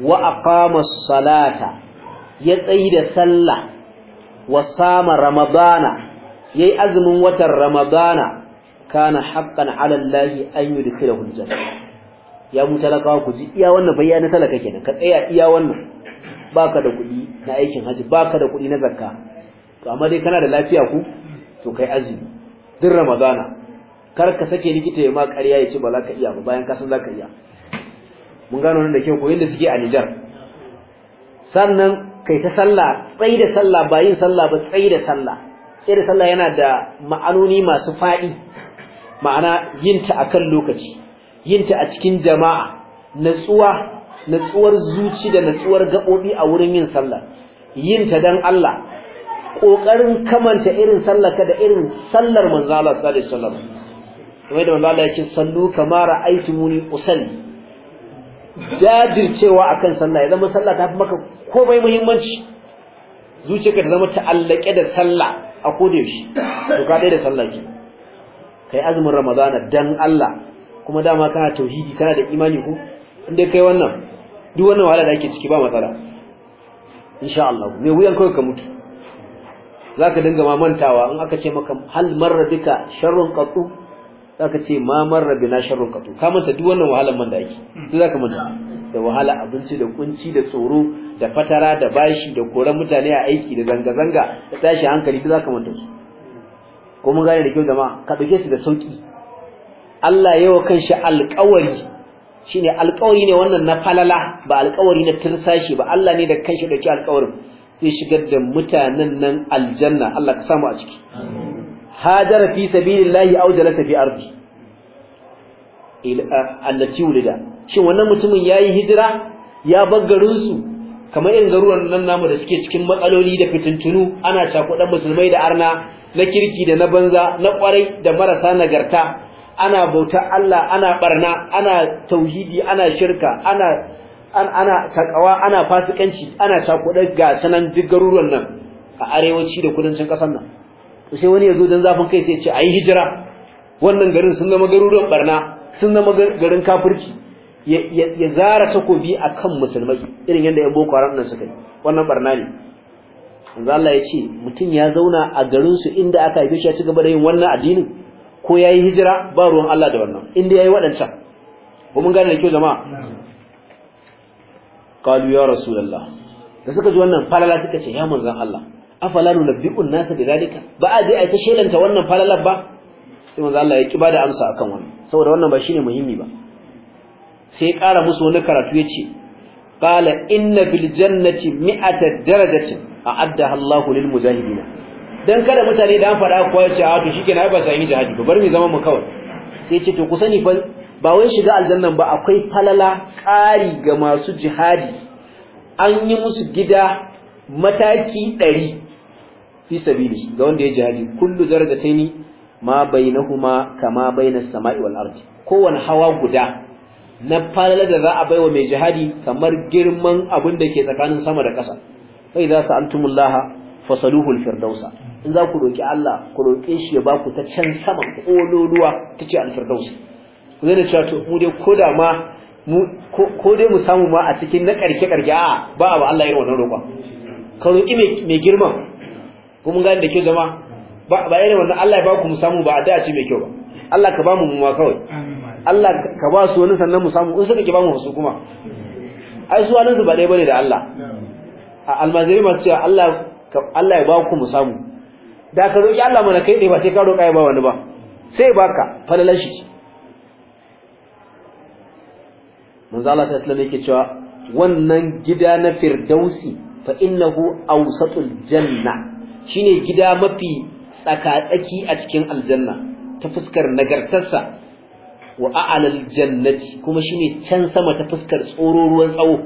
wa aqama salata ya tsayi da sallah wa sama ramadana yayi azumin watan ramadana kana haqqan ala Allah an yudkhilahu aljanna ya mutalaka ku ji iya wannan bayyana talaka kenan ka tsaya iya wannan baka da kuɗi na aikin haji baka da kuɗi na zakka to amma dai kana da lafiya ku to kai azumi duk ramadana kar ka sake likita ya ma ƙarya ya ce ba za ka iya ba bayan ka san za ka iya mun gano nan da kyau ko yadda suke a Nijar sannan kai ta sallah tsayi da sallah ba yin sallah ba tsayi da sallah tsayi da sallah yana da ma'anoni masu faɗi ma'ana yin ta akan lokaci yin ta a cikin jama'a natsuwa natsuwar zuci da natsuwar gaɓoɓi a wurin yin sallah yin ta dan Allah ƙoƙarin kamanta irin sallaka da irin sallar manzo Allah sallallahu alaihi wasallam kamar da manzo Allah ya ce sallu kama ra'aytumuni usalli jajircewa akan sallah ya zama sallah ta fi maka komai muhimmanci zuciyarka ta zama ta'allake da sallah a koda yaushe to ka dai da sallah ki kai azumin ramadana dan Allah kuma dama kana tauhidi kana da imani ko inda kai wannan duk wannan wahala da ake ciki ba matsala insha Allah me wuyan kai ka mutu zaka dinga mamantawa in aka ce maka hal marra bika sharrun qatu zaka ce ma marra bi na sharrun qatu ka manta duk wannan wahalan man da yake hmm. duk zaka manta da wahala abinci da kunci da tsoro da fatara da bashi da koran mutane a aiki da zanga zanga da tashi hankali duk zaka manta su ko mun gane da kyau jama'a ka dauke su da sauki Allah yawa kanshi alƙawari shine alƙawari ne wannan na falala ba alƙawari na tirsashi ba Allah ne da kanshi dauki alƙawarin zai shigar da mutanen nan aljanna Allah ka samu a ciki hajara fi sabilillahi aw jalasa fi ardi التي wulida shin wannan mutumin yayi hijira ya bar garin su kamar irin garuruwan nan namu da suke cikin matsaloli da fitintunu ana shakudan musulmai da arna na kirki da na banza na kwarai da marasa nagarta ana bauta Allah ana barna ana tauhidi ana shirka ana ana takawa ana fasikanci ana shakudan ga sanan duk garuruwan nan a arewaci da kudancin kasar nan sai wani ya zo dan zafin kai sai ya ce ayi hijira wannan garin sun zama garuruwan barna sun zama garin kafirci ya zara takobi akan musulmai irin yadda ya boko haram nan suka yi wannan barna ne manzo Allah ya ce mutum ya zauna a garin su inda aka haife shi ya ci gaba da yin wannan addinin ko yayi hijira ba ruwan Allah da wannan inda yayi wadancan ko mun gane da kyau jama'a qalu ya rasulullah da suka ji wannan falala suka ce ya manzon Allah afalanu nulabbi'un nasa bidalika ba a je a ta shelanta wannan falalar ba sai manzo Allah ya ki bada amsa akan wannan saboda wannan ba shine muhimmi ba sai kara ƙara musu wani karatu yace qala inna fil jannati mi'ata darajatin a'addaha Allahu lil mujahidin dan kada mutane da an fada ko yace a ah, to shikenan ai ba sai yi jihadi ba bar mi zaman mu kawai sai ce to ku sani fa ba wai shiga aljanna ba akwai falala ƙari ga masu jihadi an yi musu gida mataki ɗari fi sabili ga wanda ya jihadi kullu darajataini ma bainahuma kama bainas sama'i wal ardi kowane hawa guda na falala da za a baiwa mai jihadi kamar girman abin da ke tsakanin sama da ƙasa fa idza antumullaha fasaluhu al-firdausa in za ku roki Allah ku roke shi ya baku ta can sama kololuwa ta al-firdaus ku zai cewa to mu dai koda ma mu ko dai mu samu ma a cikin na karke karke a ba ba Allah yi wannan roƙon ka roki mai girman ko mun gane da kyau zama ba ba irin wannan Allah ya ba ku mu samu ba addu'a ce mai kyau ba Allah ka ba mu mu kawai Allah ka ba su wani sannan mu samu in suka ki ba mu su kuma ai su wani su ba dai bane da Allah A almaziri ma cewa Allah Allah ya ba ku mu samu da ka roki Allah mana kai dai ba sai ka roka ya ba wani ba sai baka falalan shi manzo Allah ta alaihi wasallam yake cewa wannan gida na firdausi fa innahu awsatul janna shine gida mafi tsakatsaki a cikin aljanna ta fuskar nagartarsa wa a'lal jannati kuma shine can sama ta fuskar tsororuwan tsawo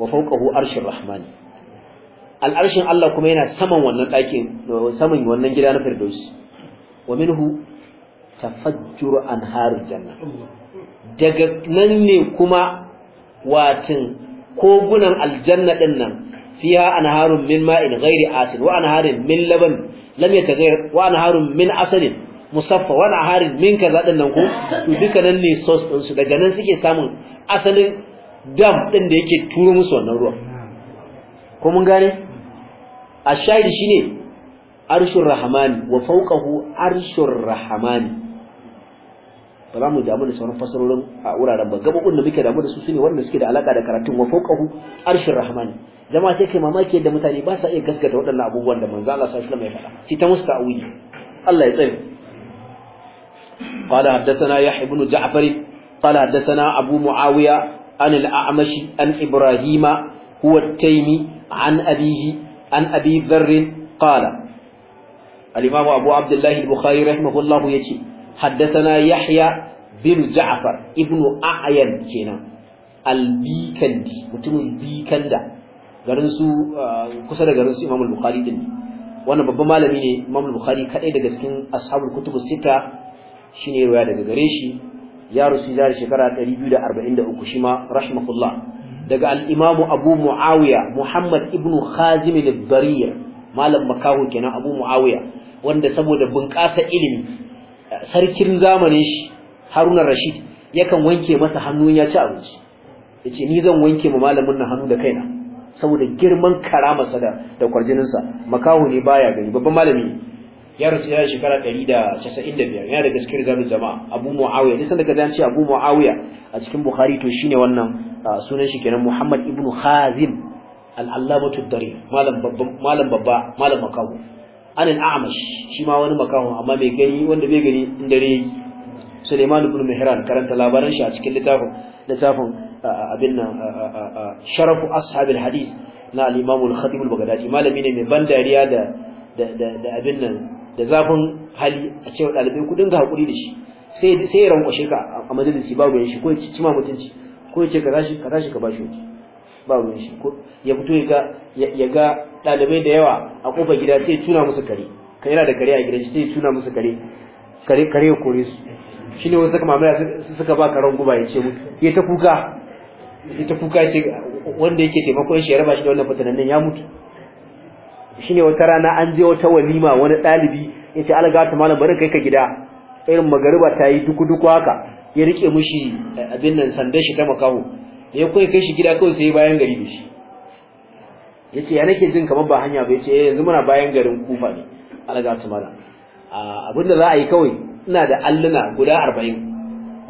wa fawqahu arshir rahmani al'arshin Allah kuma yana saman wannan ɗakin saman wannan gida na firdaus wa minhu tafajjuru anharul janna daga nan ne kuma watin kogunan aljanna din nan فيها أنهار من ماء غير آسن وأنهار من لبن لم يتغير وأنهار من عسل musaffa wa a harin min kaza din nan ko to dukkanin ne source din su daga nan suke samun asalin dam din da yake turo musu wannan ruwa ko mun gane ashahidi shine arshur rahmani wa fawqahu arshur rahmani ba za mu damu da sauran fasarorin a wuraren ba gaɓoɓin da muke damu da su sune wanda suke da alaka da karatun wa fawqahu arshir rahman zama sai kai mamaki yadda mutane ba sa iya gaskata waɗannan abubuwan da manzo Allah sallallahu alaihi wasallam ya faɗa shi ta musu Allah ya tsare قال حدثنا يحيى بن جعفر قال حدثنا أبو معاوية عن الأعمش عن إبراهيم هو التيمي عن أبيه عن أبي ذر قال الإمام أبو عبد الله البخاري رحمه الله يجي حدثنا يحيى بن جعفر ابن أعين كنا البيكندي متم البيكندا garin kusa da garinsu su Imam al-Bukhari din wannan babban malami ne Imam al-Bukhari kadai daga cikin ashabul kutubu sita shine riwaya daga gare shi ya rusu da shekara 243 shi ma rahimahullah daga al-Imam Abu Muawiya Muhammad ibn Khazim al malam makahu kenan Abu Muawiya wanda saboda bunƙasa ilimi sarkin zamanin shi Haruna Rashid yakan wanke masa hannu ya ci abinci yace ni zan wanke ma malamin nan hannu da kaina saboda girman sa da da sa makaho ne baya gani babban malami ya rasu ya shekara 195 yana da gaskiyar gano jama'a Abu Muawiya san daga zan ce Abu Muawiya a cikin Bukhari to shine wannan sunan shi kenan Muhammad ibn Hazim al-Allamatu Dari malam babba malam babba malam makaho anil a'mash shi ma wani makaho amma mai gani wanda bai gani in dare Suleiman ibn Mihran karanta labaran shi a cikin littafin littafin abin nan sharafu ashabil hadith na al-Imam al-Khatib al-Baghdadi malami ne mai ban dariya da da abin nan da zafin hali a cewa dalibai ku dinga hakuri da shi sai sai kwashe ka a majalisi babu yan shi ko ci ma mutunci ko ya ce ka tashi ka tashi ka bashi ba ruwan shi ya fito ya ga ya ga Dalibai da yawa a kofar gida sai tuna musu kare ka yana da kare a gidan shi sai tuna musu kare kare kare ya kore su ne wasu suka mamaya suka ba karon guba ya ce mu ya ta kuka ya ta kuka ce wanda yake taimakon shi ya raba shi da wannan nan ya mutu ne wata rana an je wata walima wani ɗalibi ya ce alaga ta malam bari kai ka gida irin magariba ta yi duku duku haka ya rike mushi eh, abin nan sandan shi ta makaho ya kai kai shi gida kawai sai bayan gari da shi yace ya nake jin kamar ba hanya ba yace eh, yanzu muna bayan garin Kufa ne alaga mala. abinda za a yi kawai ina da alluna guda 40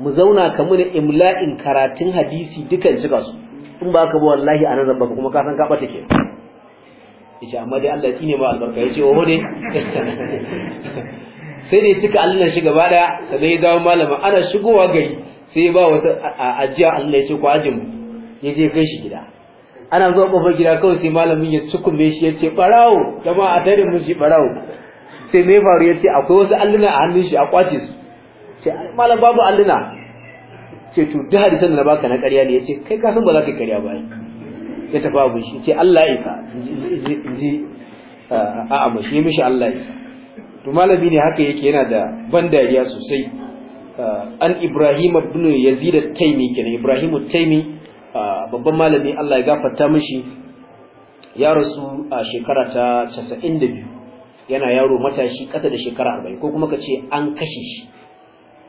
mu zauna ka imla'in karatun hadisi dukan cika su in ba ka ba wallahi a zan baka kuma ka san ka bata ke yace amma dai Allah shine ma albarka yace oho ne. sai dai cika alluna shi gaba daya sai ya dawo malama ana shigowa gari sai ba wata ajiya Allah yace ku ajin mu yaje kai shi gida ana zuwa kofar gida kawai sai malamin ya sukume shi ya ce barawo ma a tare mun shi barawo sai me faru ya ce akwai wasu alluna a hannun shi a kwace su ce malam babu alluna ce to da hadisan da na baka na ƙarya ne ya ce kai ka san ba za ka ƙarya ba ya tafi abu shi ce Allah isa ji uh, a'a shi mishi Allah isa to malami ne haka yake yana da ban dariya sosai uh, an Ibrahim ibn Yazid at-Taymi kenan Ibrahim at-Taymi babban malami Allah ya gafarta mishi ya rasu a shekara ta 92 yana yaro matashi kasa da shekara 40 ko kuma kace an kashe shi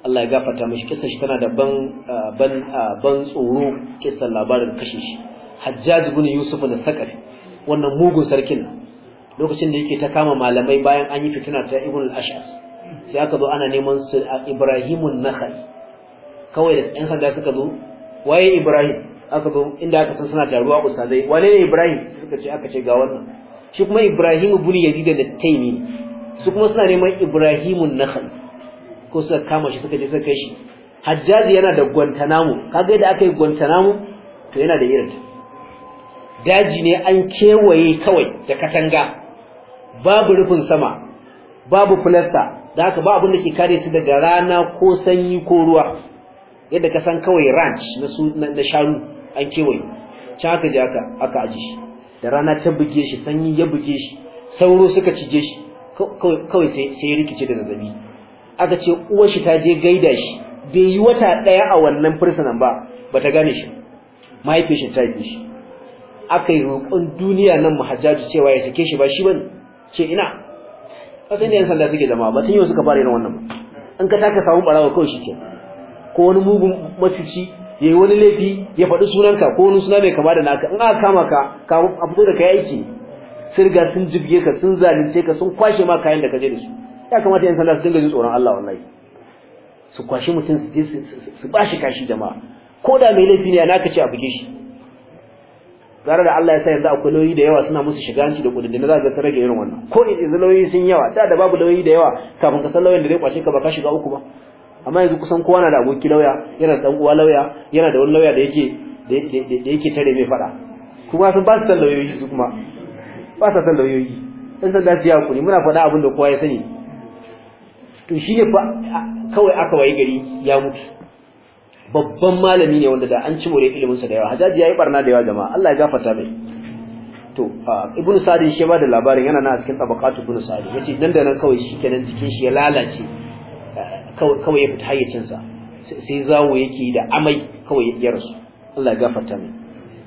Allah ya gafarta mishi kisa shi tana da ban ban ban tsoro kisan labarin kashe shi Hajjaj ibn Yusuf da Sakari wannan mugun sarkin nan lokacin da yake ta kama malamai bayan an yi fitina ta Ibn al-Ash'as sai aka zo ana neman su Ibrahimun Nakhai kawai da ɗan sanda suka zo waye Ibrahim aka zo inda aka san suna taruwa ustazai wane ne Ibrahim suka ce aka ce ga wannan shi kuma Ibrahim ibn Yazid da Taimi su kuma suna neman Ibrahimun Nakhl ko suka kama shi suka je suka kai shi hajjaji yana da Guantanamo kaga da aka yi Guantanamo to yana da irin daji ne an kewaye kawai da katanga babu rufin sama babu filasta da haka ba abin da ke kare su daga rana ko sanyi ko ruwa yadda ka san kawai ranch na na sharu an kewaye can aka je aka aka aje shi da rana ta buge shi sanyi ya buge shi sauro suka cije shi kawai sai sai ya rikice da zazzabi aka ce uwar shi ta je gaida shi bai yi wata daya a wannan fursunan ba bata gane shi mahaifiyar shi ta yi shi aka yi roƙon duniya nan mahajjaji cewa ya sake shi ba shi bane ce ina sai ne yan sanda suke zama ba tun yau suka fara yin wannan ba in ka taka samu barawa kawai shi ke? ko wani mugun macuci ya yi wani laifi ya faɗi sunanka ko wani suna mai kama da naka in aka kama ka ka abu da kayan aiki sun riga sun jibge ka sun zalunce ka sun kwashe ma kayan da ka je da su ya kamata yan sanda su dinga jin tsoron Allah wallahi su kwashe mutum su je su bashi kashi jama'a ko da mai laifi ne naka ce a buge shi gara da Allah ya sa yanzu akwai lauyi da yawa suna musu shiganci da kudin da za ka rage irin wannan ko in yanzu lauyi sun yawa da da babu lauyi da yawa kafin ka san lauyin da zai kwashe ka ba ka shiga uku ba amma yanzu kusan kowa na da aboki lauya yana da dan uwa lauya yana da wani lauya da yake da yake tare mai fada kuma sun ba su san lauyoyi su kuma ba su san lauyoyi dan san su siya hakuri muna faɗa abin da kowa ya sani to shi ne kawai aka wayi gari ya mutu babban malami ne wanda da an ci more ilimin sa da yawa hajaji yayi barna da yawa jama'a Allah ya gafarta mai to ibnu sa'id shi ba da labarin yana na cikin tabaqatu ibnu sa'id yace dan da nan kawai shi kenan jikin shi ya lalace kawai ya fita hayyacinsa sai zawo yake da amai kawai ya rasu Allah ya gafarta mai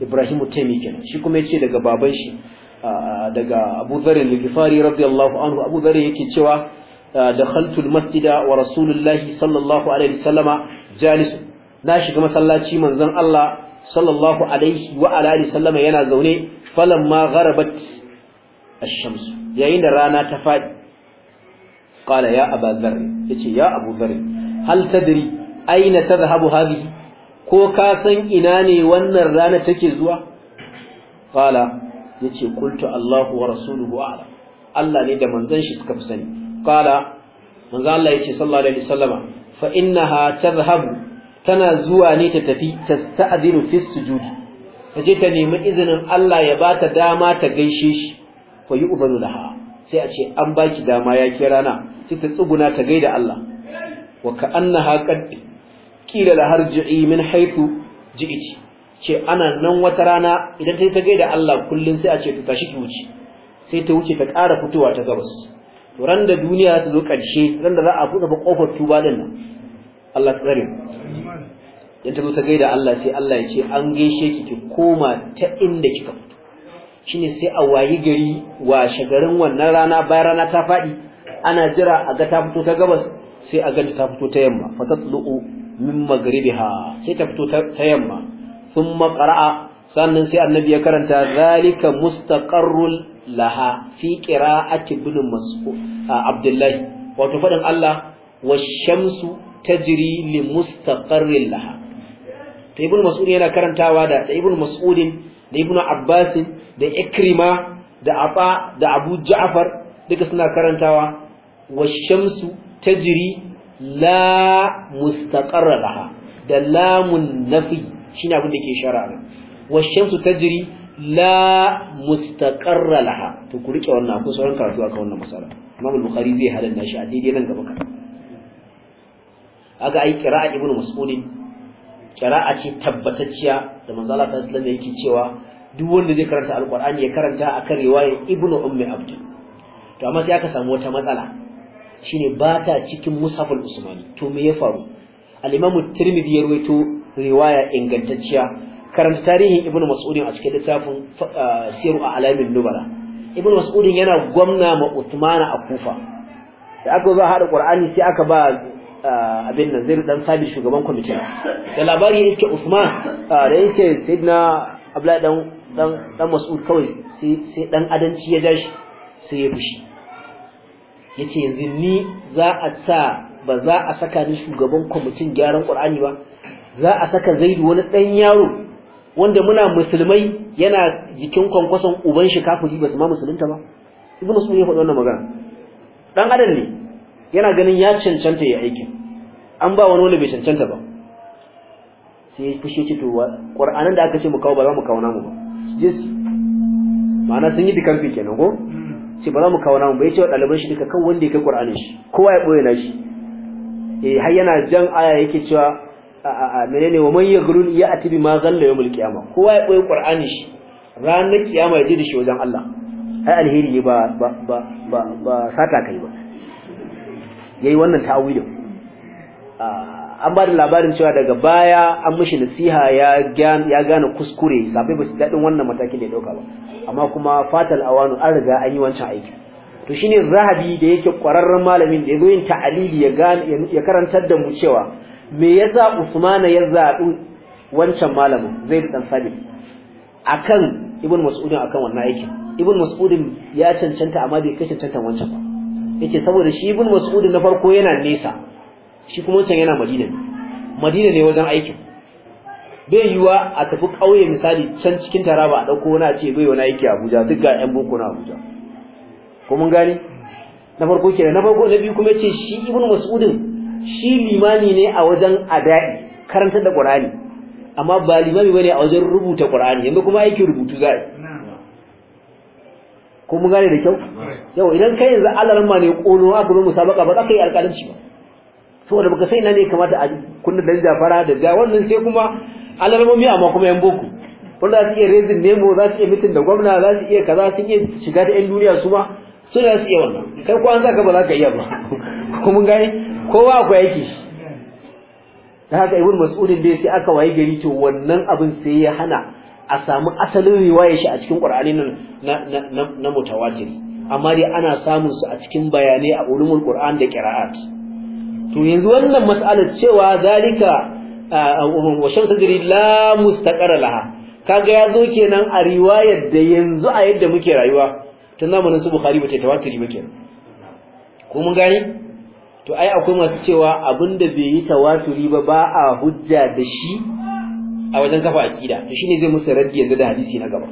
Ibrahim Taimi kenan shi kuma yace daga baban shi daga Abu Dharr al-Ghifari radiyallahu anhu Abu Dharr yake cewa dakhaltu al-masjida wa rasulullahi sallallahu alaihi wasallama jalis na shiga masallaci manzon Allah sallallahu alaihi wa alihi sallama yana zaune falamma gharabat ash-shams yayin da rana ta fadi qala ya aba dharr yace ya abu dharr hal tadri aina tadhhabu hadhihi ko ka san ina ne wannan rana take zuwa qala yace qultu Allahu wa rasuluhu a'lam Allah ne da manzon shi suka fi sani qala manzo yace sallallahu alaihi wasallama fa innaha tadhhabu tana zuwa ne ta tafi tasta'dinu fi sujudi ta nemi izinin Allah ya bata dama ta gaishe shi fa yu'banu laha sai a ce an baki dama ya kira na sai ta tsuguna ta gaida Allah wa ka annaha qad qila la harji'i min haythu ji'ti ce ana nan wata rana idan sai ta gaida Allah kullun sai a ce to tashi ki wuce sai ta wuce ta ƙara fitowa ta gabas to ran da duniya ta zo ƙarshe ran da za a ba kofar tuba din nan Allah tsare idan ta zo ta gaida Allah sai Allah ya ce an gaishe ki ki koma ta inda kika fito shine sai a wayi gari wa garin wannan rana bayan rana ta faɗi ana jira a ga ta fito ta gabas sai a ganta ta fito ta yamma fa tatlu'u min magribiha sai ta fito ta yamma thumma qara'a sannan sai annabi ya karanta zalika mustaqarrul laha fi qira'ati ibn mas'ud abdullahi wato faɗin Allah washamsu shamsu tajri li mustaqarril laha ibn mas'ud yana karantawa da ibn mas'udin da ibnu abbas da ikrima da aba da abu ja'far duka suna karantawa washamsu tajri la mustaqarra laha da lamun nafi shine abin da ke wa washamsu tajri la mustaqarra laha to ku rike wannan ku sauran karatu ka wannan masala Imam bukhari zai halalla shi a daidai nan gaba ka aga ai qira'a Ibn Mas'ud qira'a ce tabbatacciya da manzo Allah ta sallama yake cewa duk wanda zai karanta alqur'ani ya karanta akan riwayar ibnu ummi abd to amma sai aka samu wata matsala shine ba ta cikin mushaful usmani to me ya faru al imamu tirmidhi ya ruwaito riwaya ingantacciya karanta tarihin ibnu mas'udin a cikin littafin uh, siru a alamin nubala ibnu mas'udin yana gwamna ma usmana a kufa da aka zo hada qur'ani sai aka ba abin nan zai dan sabi shugaban kwamitin da labari yake Usman da yake Sidna Abdullahi dan dan dan Mas'ud kawai sai sai dan adanci ya gashi sai ya fushi yace yanzu ni za a sa ba za a saka ni shugaban kwamitin gyaran Qur'ani ba za a saka Zaidu wani dan yaro wanda muna musulmai yana jikin kwankwason uban shi kafiri ba su ma musulunta ba Ibn Mas'ud ya faɗi wannan magana dan adam ne yana ganin ya cancanta ya aikin an ba wani wani bai cancanta ba sai ya fushe cikowa ƙwar'anin da aka ce mu kawo ba za mu kawo namu ba su je su ma'ana sun yi dikamfi kenan ko hmm. ce ba za mu kawo namu ba ya ce wa ɗaliban shi duka kan wanda ya kai ƙwar'anin shi kowa ya ɓoye na shi eh har yana jan aya yake cewa a menene wa man yaghlul ya'ti ma ghalla yawmul qiyamah kowa ya ɓoye ƙwar'anin shi ranar kiyama ya je da shi wajen Allah ai alheri ne ba ba ba ba sata kai ba ya yi wannan ta'awilin ah, an ba da labarin cewa daga baya an mishi nasiha ya gane kuskure sabai ba su daɗin wannan matakin da ya ɗauka ba amma kuma fatal awanu an riga an yi wancan aiki to shi ne zahabi da yake ƙwararren malamin da ya zo yin ta'alili ya karantar da mu cewa me yasa usmana ya zaɓi wancan malamin zai ɗan sabit akan ibn mas'udin akan wannan aikin ibn mas'udin ya cancanta amma bai kai cancanta wancan ba yace saboda shi ibn mas'ud na farko yana nesa shi kuma can yana madina madina ne wajen aiki. bai yiwa a tafi kauye misali can cikin taraba a ɗauko wani a ce bai wani aiki a abuja duk ga yan boko na abuja ko mun gani na farko kenan na farko na biyu kuma yace shi ibn mas'ud shi limami ne a wajen adai karantar da qur'ani amma ba limami bane a wajen rubuta qur'ani yanzu kuma aikin rubutu zaa. yi ko mun gane da kyau yau idan kai yanzu Allah ran ma ne kono aka zo musabaka ba za ka yi alƙalanci ba saboda baka sai na ne kamata a kunna da jafara da ga wannan sai kuma Allah ran mu amma kuma yan boko wanda za su iya raising mu za su iya mitin da gwamna za su iya kaza su iya shiga da yan duniya su ma su ne su iya wannan kai ko an zaka ba za ka iya ba ko mun gane kowa akwai yake da haka ibn mas'udin dai sai aka waye gari to wannan abin sai ya hana a samu asalin riwaya shi a cikin Qur'ani na na mutawatir amma dai ana samun su a cikin bayanai a ulumul Qur'an da qira'at to yanzu wannan mas'alar cewa zalika wa shamsu diri la mustaqar laha kaga yazo kenan a riwayar da yanzu a yadda muke rayuwa tun zamanin su Bukhari ba ta tawatiri ba kenan ko mun gani to ai akwai masu cewa abinda bai yi tawaturi ba ba a hujja da shi a wajen kafa akida to shine zai musu raddi yanzu da hadisi na gaba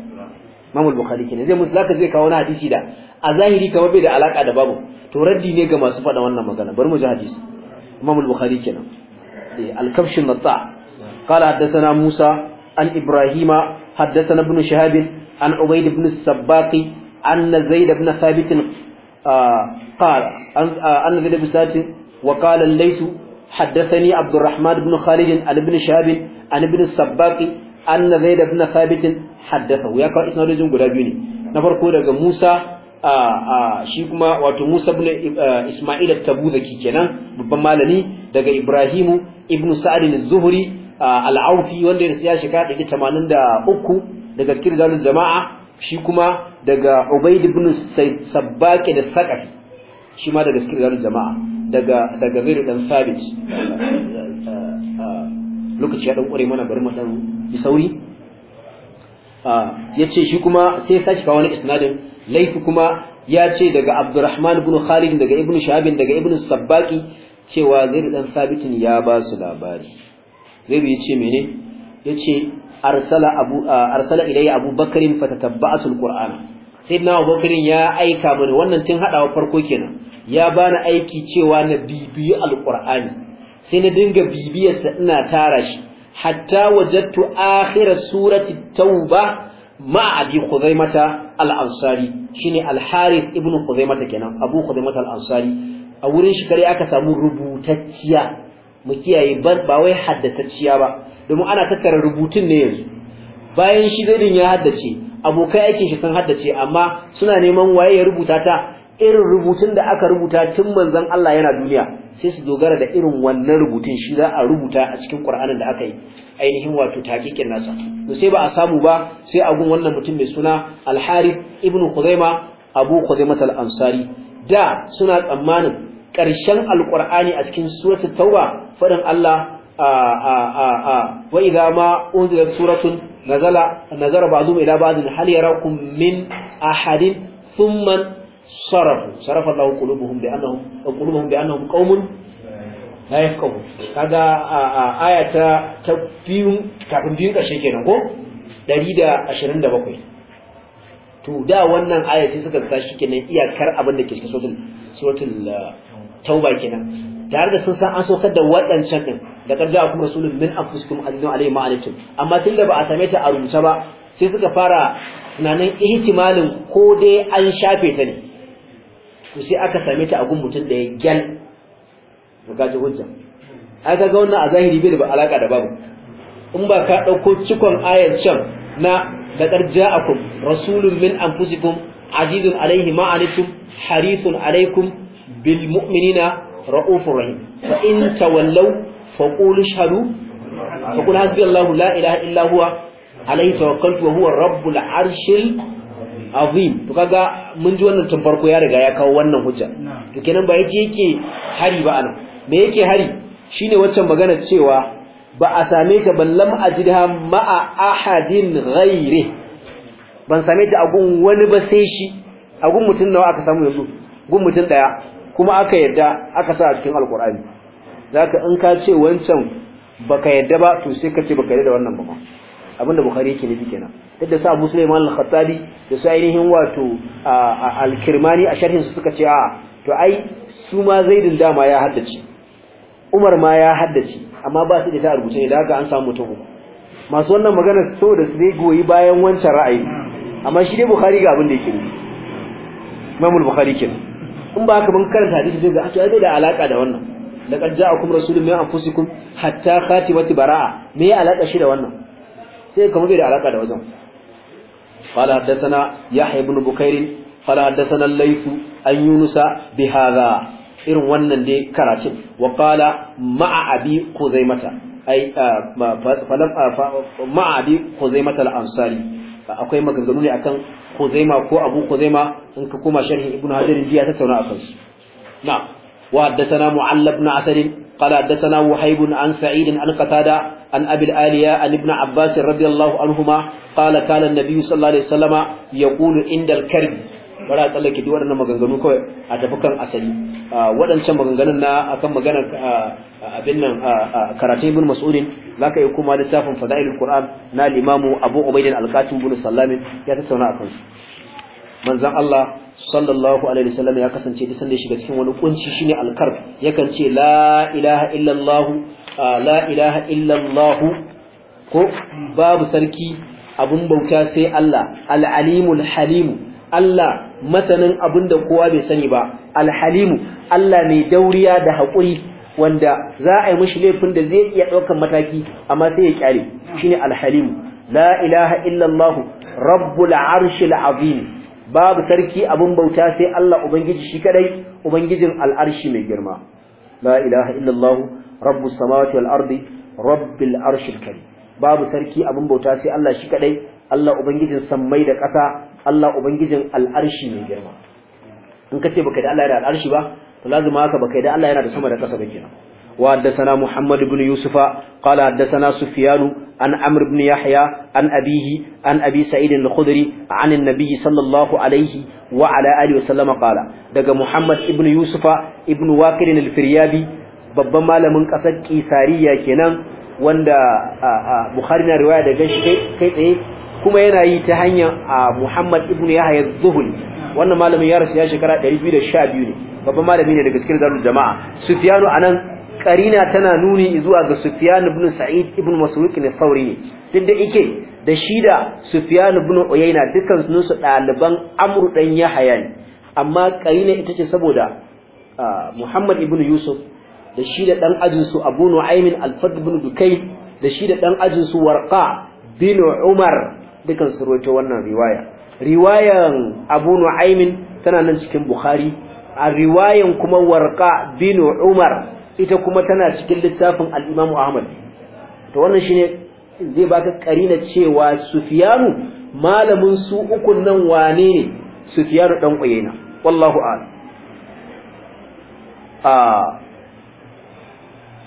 Imam al-Bukhari kenan zai musu zaka zai kawo na hadisi da a zahiri kamar bai da alaka da babu to raddi ne ga masu faɗa wannan magana bari mu ji hadisi Imam al-Bukhari kenan eh, al-Kafsh an-Natta' قال حدثنا موسى عن إبراهيم حدثنا ابن شهاب عن عبيد بن السباق أن زيد بن ثابت آه قال أن زيد بن ثابت وقال الليث حدثني عبد الرحمن بن خالد عن شهاب an ibn sabbati anna zaid ibn thabit haddathahu ya kawo isnadojin guda biyu ne na farko daga Musa shi kuma wato Musa ibn Isma'il at-Tabuzaki kenan babban malami daga Ibrahimu ibn Sa'd az-Zuhri al-Awfi wanda ya shiga shekara 83 daga cikin jama'a shi kuma daga Ubaid ibn Sabbaq da Saqafi shi ma daga cikin jama'a daga daga zairu dan Sabit lokaci ya dan kure mana bari mu dan yi sauri ya ce shi kuma sai sake kawo wani isnadin laifi kuma ya ce daga abdurrahman ibn khalid daga ibn shahabin daga ibn sabbaki cewa zaidu dan sabitin ya ba su labari zaidu ya ce mene ya ce arsala abu arsala ilayya abubakarin fatatabba'atu alqur'ana sayyidina abubakarin ya aika mana wannan tun hadawa farko kenan ya bani aiki cewa na bibiyi alqur'ani sai na dinga bibiyarsa ina tara shi hatta wajattu akhir surati tauba ma abi khuzaimata al-ansari shine al-harith ibn khuzaimata kenan abu khuzaimata al-ansari a wurin shi kare aka samu rubutacciya mu kiyaye ba wai haddatacciya ba domin ana tattara rubutun ne yanzu bayan shi zaidin ya haddace abokai aikin shi sun haddace amma suna neman waye ya rubuta ta irin rubutun da aka rubuta tun manzon Allah yana duniya sai su dogara da irin wannan rubutun shi za a rubuta a cikin Qur'anin da aka yi ainihin wato taqiqin nasa to sai ba a samu ba sai a gun wannan mutum mai suna Al-Harith ibn Khuzaima Abu Khuzaimah al-Ansari da suna tsammanin ƙarshen Al-Qur'ani a cikin suratul Tauba faɗin Allah a a a a wa idza ma unzilat suratun nazala nazara ba'dhum ila ba'd hal yarakum min ahadin thumma sarafu sarafa Allah qulubuhum bi annahum qulubuhum bi annahum qaumun la yafqahu kaga aya ta ta biyu kafin biyu karshe kenan ko 127 to da wannan aya ce suka shi kenan iyakar abin da ke cikin suratul suratul tauba kenan tare da sun san an saukar da waɗancan din da kadda kuma rasulun min anfusikum azizun alayhi ma alaykum amma tunda ba a same ta a rubuta ba sai suka fara tunanin ihtimalin ko dai an shafe ta ne to sai aka same ta a gun mutum da ya gyal ga ai ga wannan a zahiri bai da alaka da babu in ba ka dauko cikon ayar can na da ja'akum rasulun min anfusikum azizun alaihi ma anittum harisun alaikum bil mu'minina ra'ufur rahim fa in tawallaw فقولوا اشهدوا فقل حسبي la ilaha illa huwa هو tawakkaltu wa huwa rabbul arshil azim to kaga mun ji wannan tun farko ya riga ya kawo wannan hujja to kenan ba yake yake hari ba anan me yake hari shine waccan magana cewa ba a same ta ballam ajidha ma'a ahadin ghairi ban same ta agun wani ba sai shi agun mutun nawa aka samu yanzu gun mutun daya kuma aka yadda aka sa a cikin alqur'ani zaka in ka ce wancan baka yadda ba to sai ka ce baka yadda da wannan ba abinda bukhari yake nufi kenan yadda sa abu sulaiman al-khattabi da su ainihin wato al-kirmani a sharhin su suka ce a to ai su ma zaidin dama ya haddace umar ma ya haddace amma ba su da ta rubuce ne da haka an samu ta uku masu wannan magana so da su zai goyi bayan wancan ra'ayi amma shi dai bukhari ga abin da yake nufi imam al-bukhari kenan in ba haka mun karanta hadisi sai ga a ah, to da alaka da wannan laqad ja'akum rasulun min anfusikum hatta khatimati bara'a me ya alaka shi da wannan sai kuma bai da alaka da wajen hadathana yahya ibn bukair qala hadathana حدثنا an yunusa bi hadha irin wannan dai karatun wa qala ma'a abi kuzaimata ai falam ma'a abi kuzaimata al-ansari akwai maganganu ne akan kuzaima ko abu kuzaima in ka koma sharhi ibn hajar jiya ta tauna akan su na wa hadathana mu'allab ibn asad qala hadathana wahib an sa'id an qatada عن أبي الآلية عن ابن عباس رضي الله عنهما قال كان النبي صلى الله عليه وسلم يقول عند الكرب bara a tsallake duk waɗannan maganganu kawai a tafi kan asali waɗancan maganganun na akan magana abin nan karatun ibn mas'udin za ka yi kuma littafin fada'il qur'an na limamu abu ubaidin alqasim ibn sallamin ya tattauna akan su manzon Allah sallallahu alaihi wasallam ya kasance duk sanda ya shiga cikin wani kunci shine alkarb yakan ce la ilaha illallah Lailaha illallahu ko babu sarki abun bauta sai Allah al halimu Allah masanin abin da kowa bai sani ba alhalimu Allah mai dauriya da haƙuri wanda za a yi mashi laifin da zai iya ɗaukan mataki amma sai ya kyale shine alhalimu la ilaha illallahu rabbul arshil azim babu sarki abin bauta sai Allah ubangiji shi kadai ubangijin al'arshi mai girma la ilaha rabbu samawati wal ardi rabbil arshil karim babu sarki abin bauta sai Allah shi kadai Allah ubangijin sammai da ƙasa Allah ubangijin al'arshi mai girma in kace baka da Allah yana da al'arshi ba to lazima haka baka da Allah yana da sama da ƙasa ba kenan wa haddathana Muhammad ibn Yusufa qala haddathana Sufyan an Amr ibn Yahya an abihi an Abi Sa'id al-Khudri an an-nabi sallallahu alaihi wa ala alihi wa sallama qala daga Muhammad ibn Yusufa ibn Waqid al-Firyabi babban malamin kasar Kisariya kenan wanda Bukhari na riwaya daga shi kai tsaye kuma yana yi ta hanyar Muhammad ibn Yahya Zuhri wannan malamin ya rasu ya shekara 212 ne babban malami ne daga cikin darul jama'a Sufyanu anan karina tana nuni zuwa ga Sufyan ibn Sa'id ibn Masruq ne sauri ne duk da yake da shi da Sufyan ibn Uyayna dukkan su daliban ɗaliban dan Yahya ne amma karina ita ce saboda Muhammad ibn Yusuf da shi da dan ajinsu Abu Nu'aimin al bin Dukai, da shi da dan ajinsu Warqa bin Umar dukan su wannan riwaya riwayan Abu Nu'aimin tana nan cikin Bukhari a riwayan kuma Warqa bin Umar ita kuma tana cikin littafin al-Imam Ahmad to wannan shine zai baka karina cewa Sufiyanu? malamin su uku nan wane ne Sufyanu dan Uyayna wallahu a'lam ah,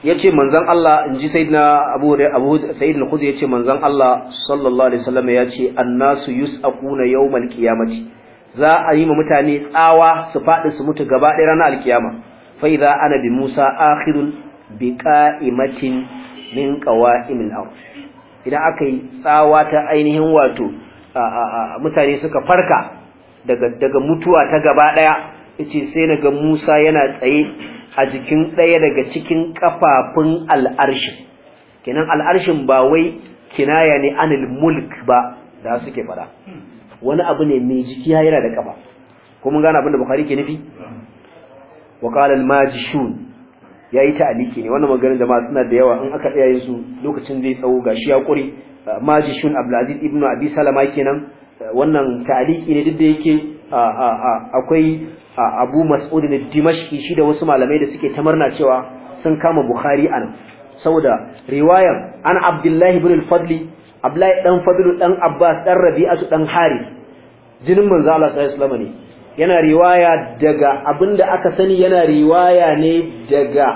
yace manzon Allah inji sayyidina Abu Abu Sayyid al-Khudri yace manzon Allah sallallahu alaihi wasallam yace annasu yus'aquna yawmal qiyamati za a yi ma mutane tsawa su fadi su mutu gaba ɗaya ranar alkiyama fa idza ana bi Musa akhirun bi qa'imatin min qawa'imil ard idan aka yi tsawa ta ainihin wato mutane suka farka daga daga mutuwa ta gaba ɗaya yace sai naga Musa yana tsaye a jikin ɗaya daga cikin kafafun al'arshin kinan al'arshin ba wai kinaya ne anil mulk ba da suke fara wani abu ne mai jiki ya yana da kafa ko mun gane abin da Bukhari ke nufi wa qala al majshun yayi ta'aliki ne wannan maganar jama'a suna da yawa in aka tsaya yanzu lokacin zai tsawo gashi ya kure Abdul Abdulaziz ibn Abi Salama kenan wannan ta'aliki ne duk da yake akwai A abu mas'ud da dimashki shi da wasu malamai da suke tamarna cewa sun kama bukhari anan saboda riwayar an abdullahi ibn al-fadli abdullahi dan fadlu dan abbas dan rabi'atu dan hari jinin manzo Allah sallallahu alaihi ne yana riwaya daga abinda aka sani yana riwaya ne daga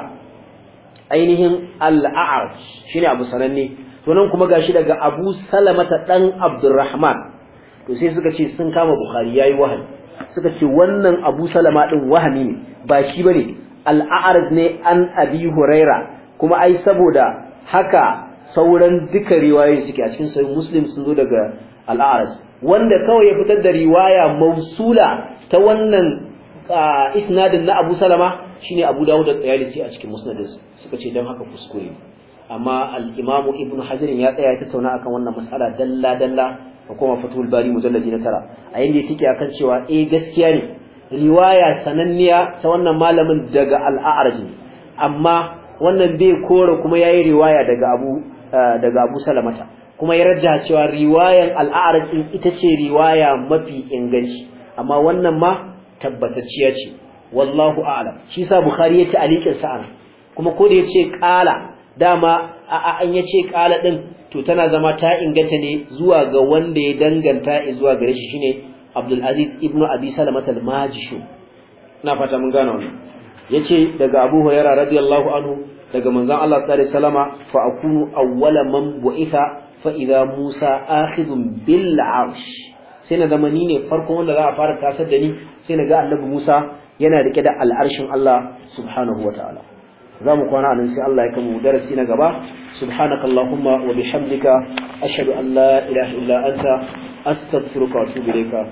ainihin al-a'raj shine abu sananne to nan kuma gashi daga abu salamata dan abdurrahman to sai suka ce sun kama bukhari yayi wahayi suka ce wannan Abu Salama din wahani ne ba shi bane ne ne an Abi Huraira kuma ai saboda haka sauran duka riwayoyi suke a cikin sahih Muslim sun zo daga al'arz wanda kawai ya fitar da riwaya mausula ta wannan isnadin na Abu Salama shine Abu Dawud da Tayalisi a cikin musnadin suka ce dan haka kuskure amma al imamu Ibn Hajar ya tsaya ya tattauna akan wannan mas'ala dalla dalla ka koma fatul bari mujalladi na tara a yanda take akan cewa eh gaskiya ne riwaya sananniya ta wannan malamin daga al-a'raj amma wannan bai kore kuma yayi riwaya daga abu eh, daga abu salamata kuma ya rajja cewa riwayan al-a'raj ita ce riwaya mafi inganci amma wannan ma tabbatacciya ce wallahu a'lam shi sa bukhari ya ta'alikin sa'an kuma ko da yace qala dama an yace qala din to tana zama ta inganta ne zuwa ga wanda ya danganta zuwa gare shi shine Abdul Aziz ibn Abi Salama al-Majishu ina fata mun gane wannan yace daga Abu Hurairah radiyallahu anhu daga manzon Allah sallallahu alaihi wasallama fa akunu awwala man bu'itha fa idha Musa akhidun bil arsh sai na zama ni ne farkon wanda za a fara tasar da ni sai na ga Annabi Musa yana rike da al'arshin Allah subhanahu wataala za mu kwana nan sai Allah ya kama darasi na gaba subhanaka allahumma wa bihamdika ashhadu an la ilaha illa anta astaghfiruka wa atubu ilayka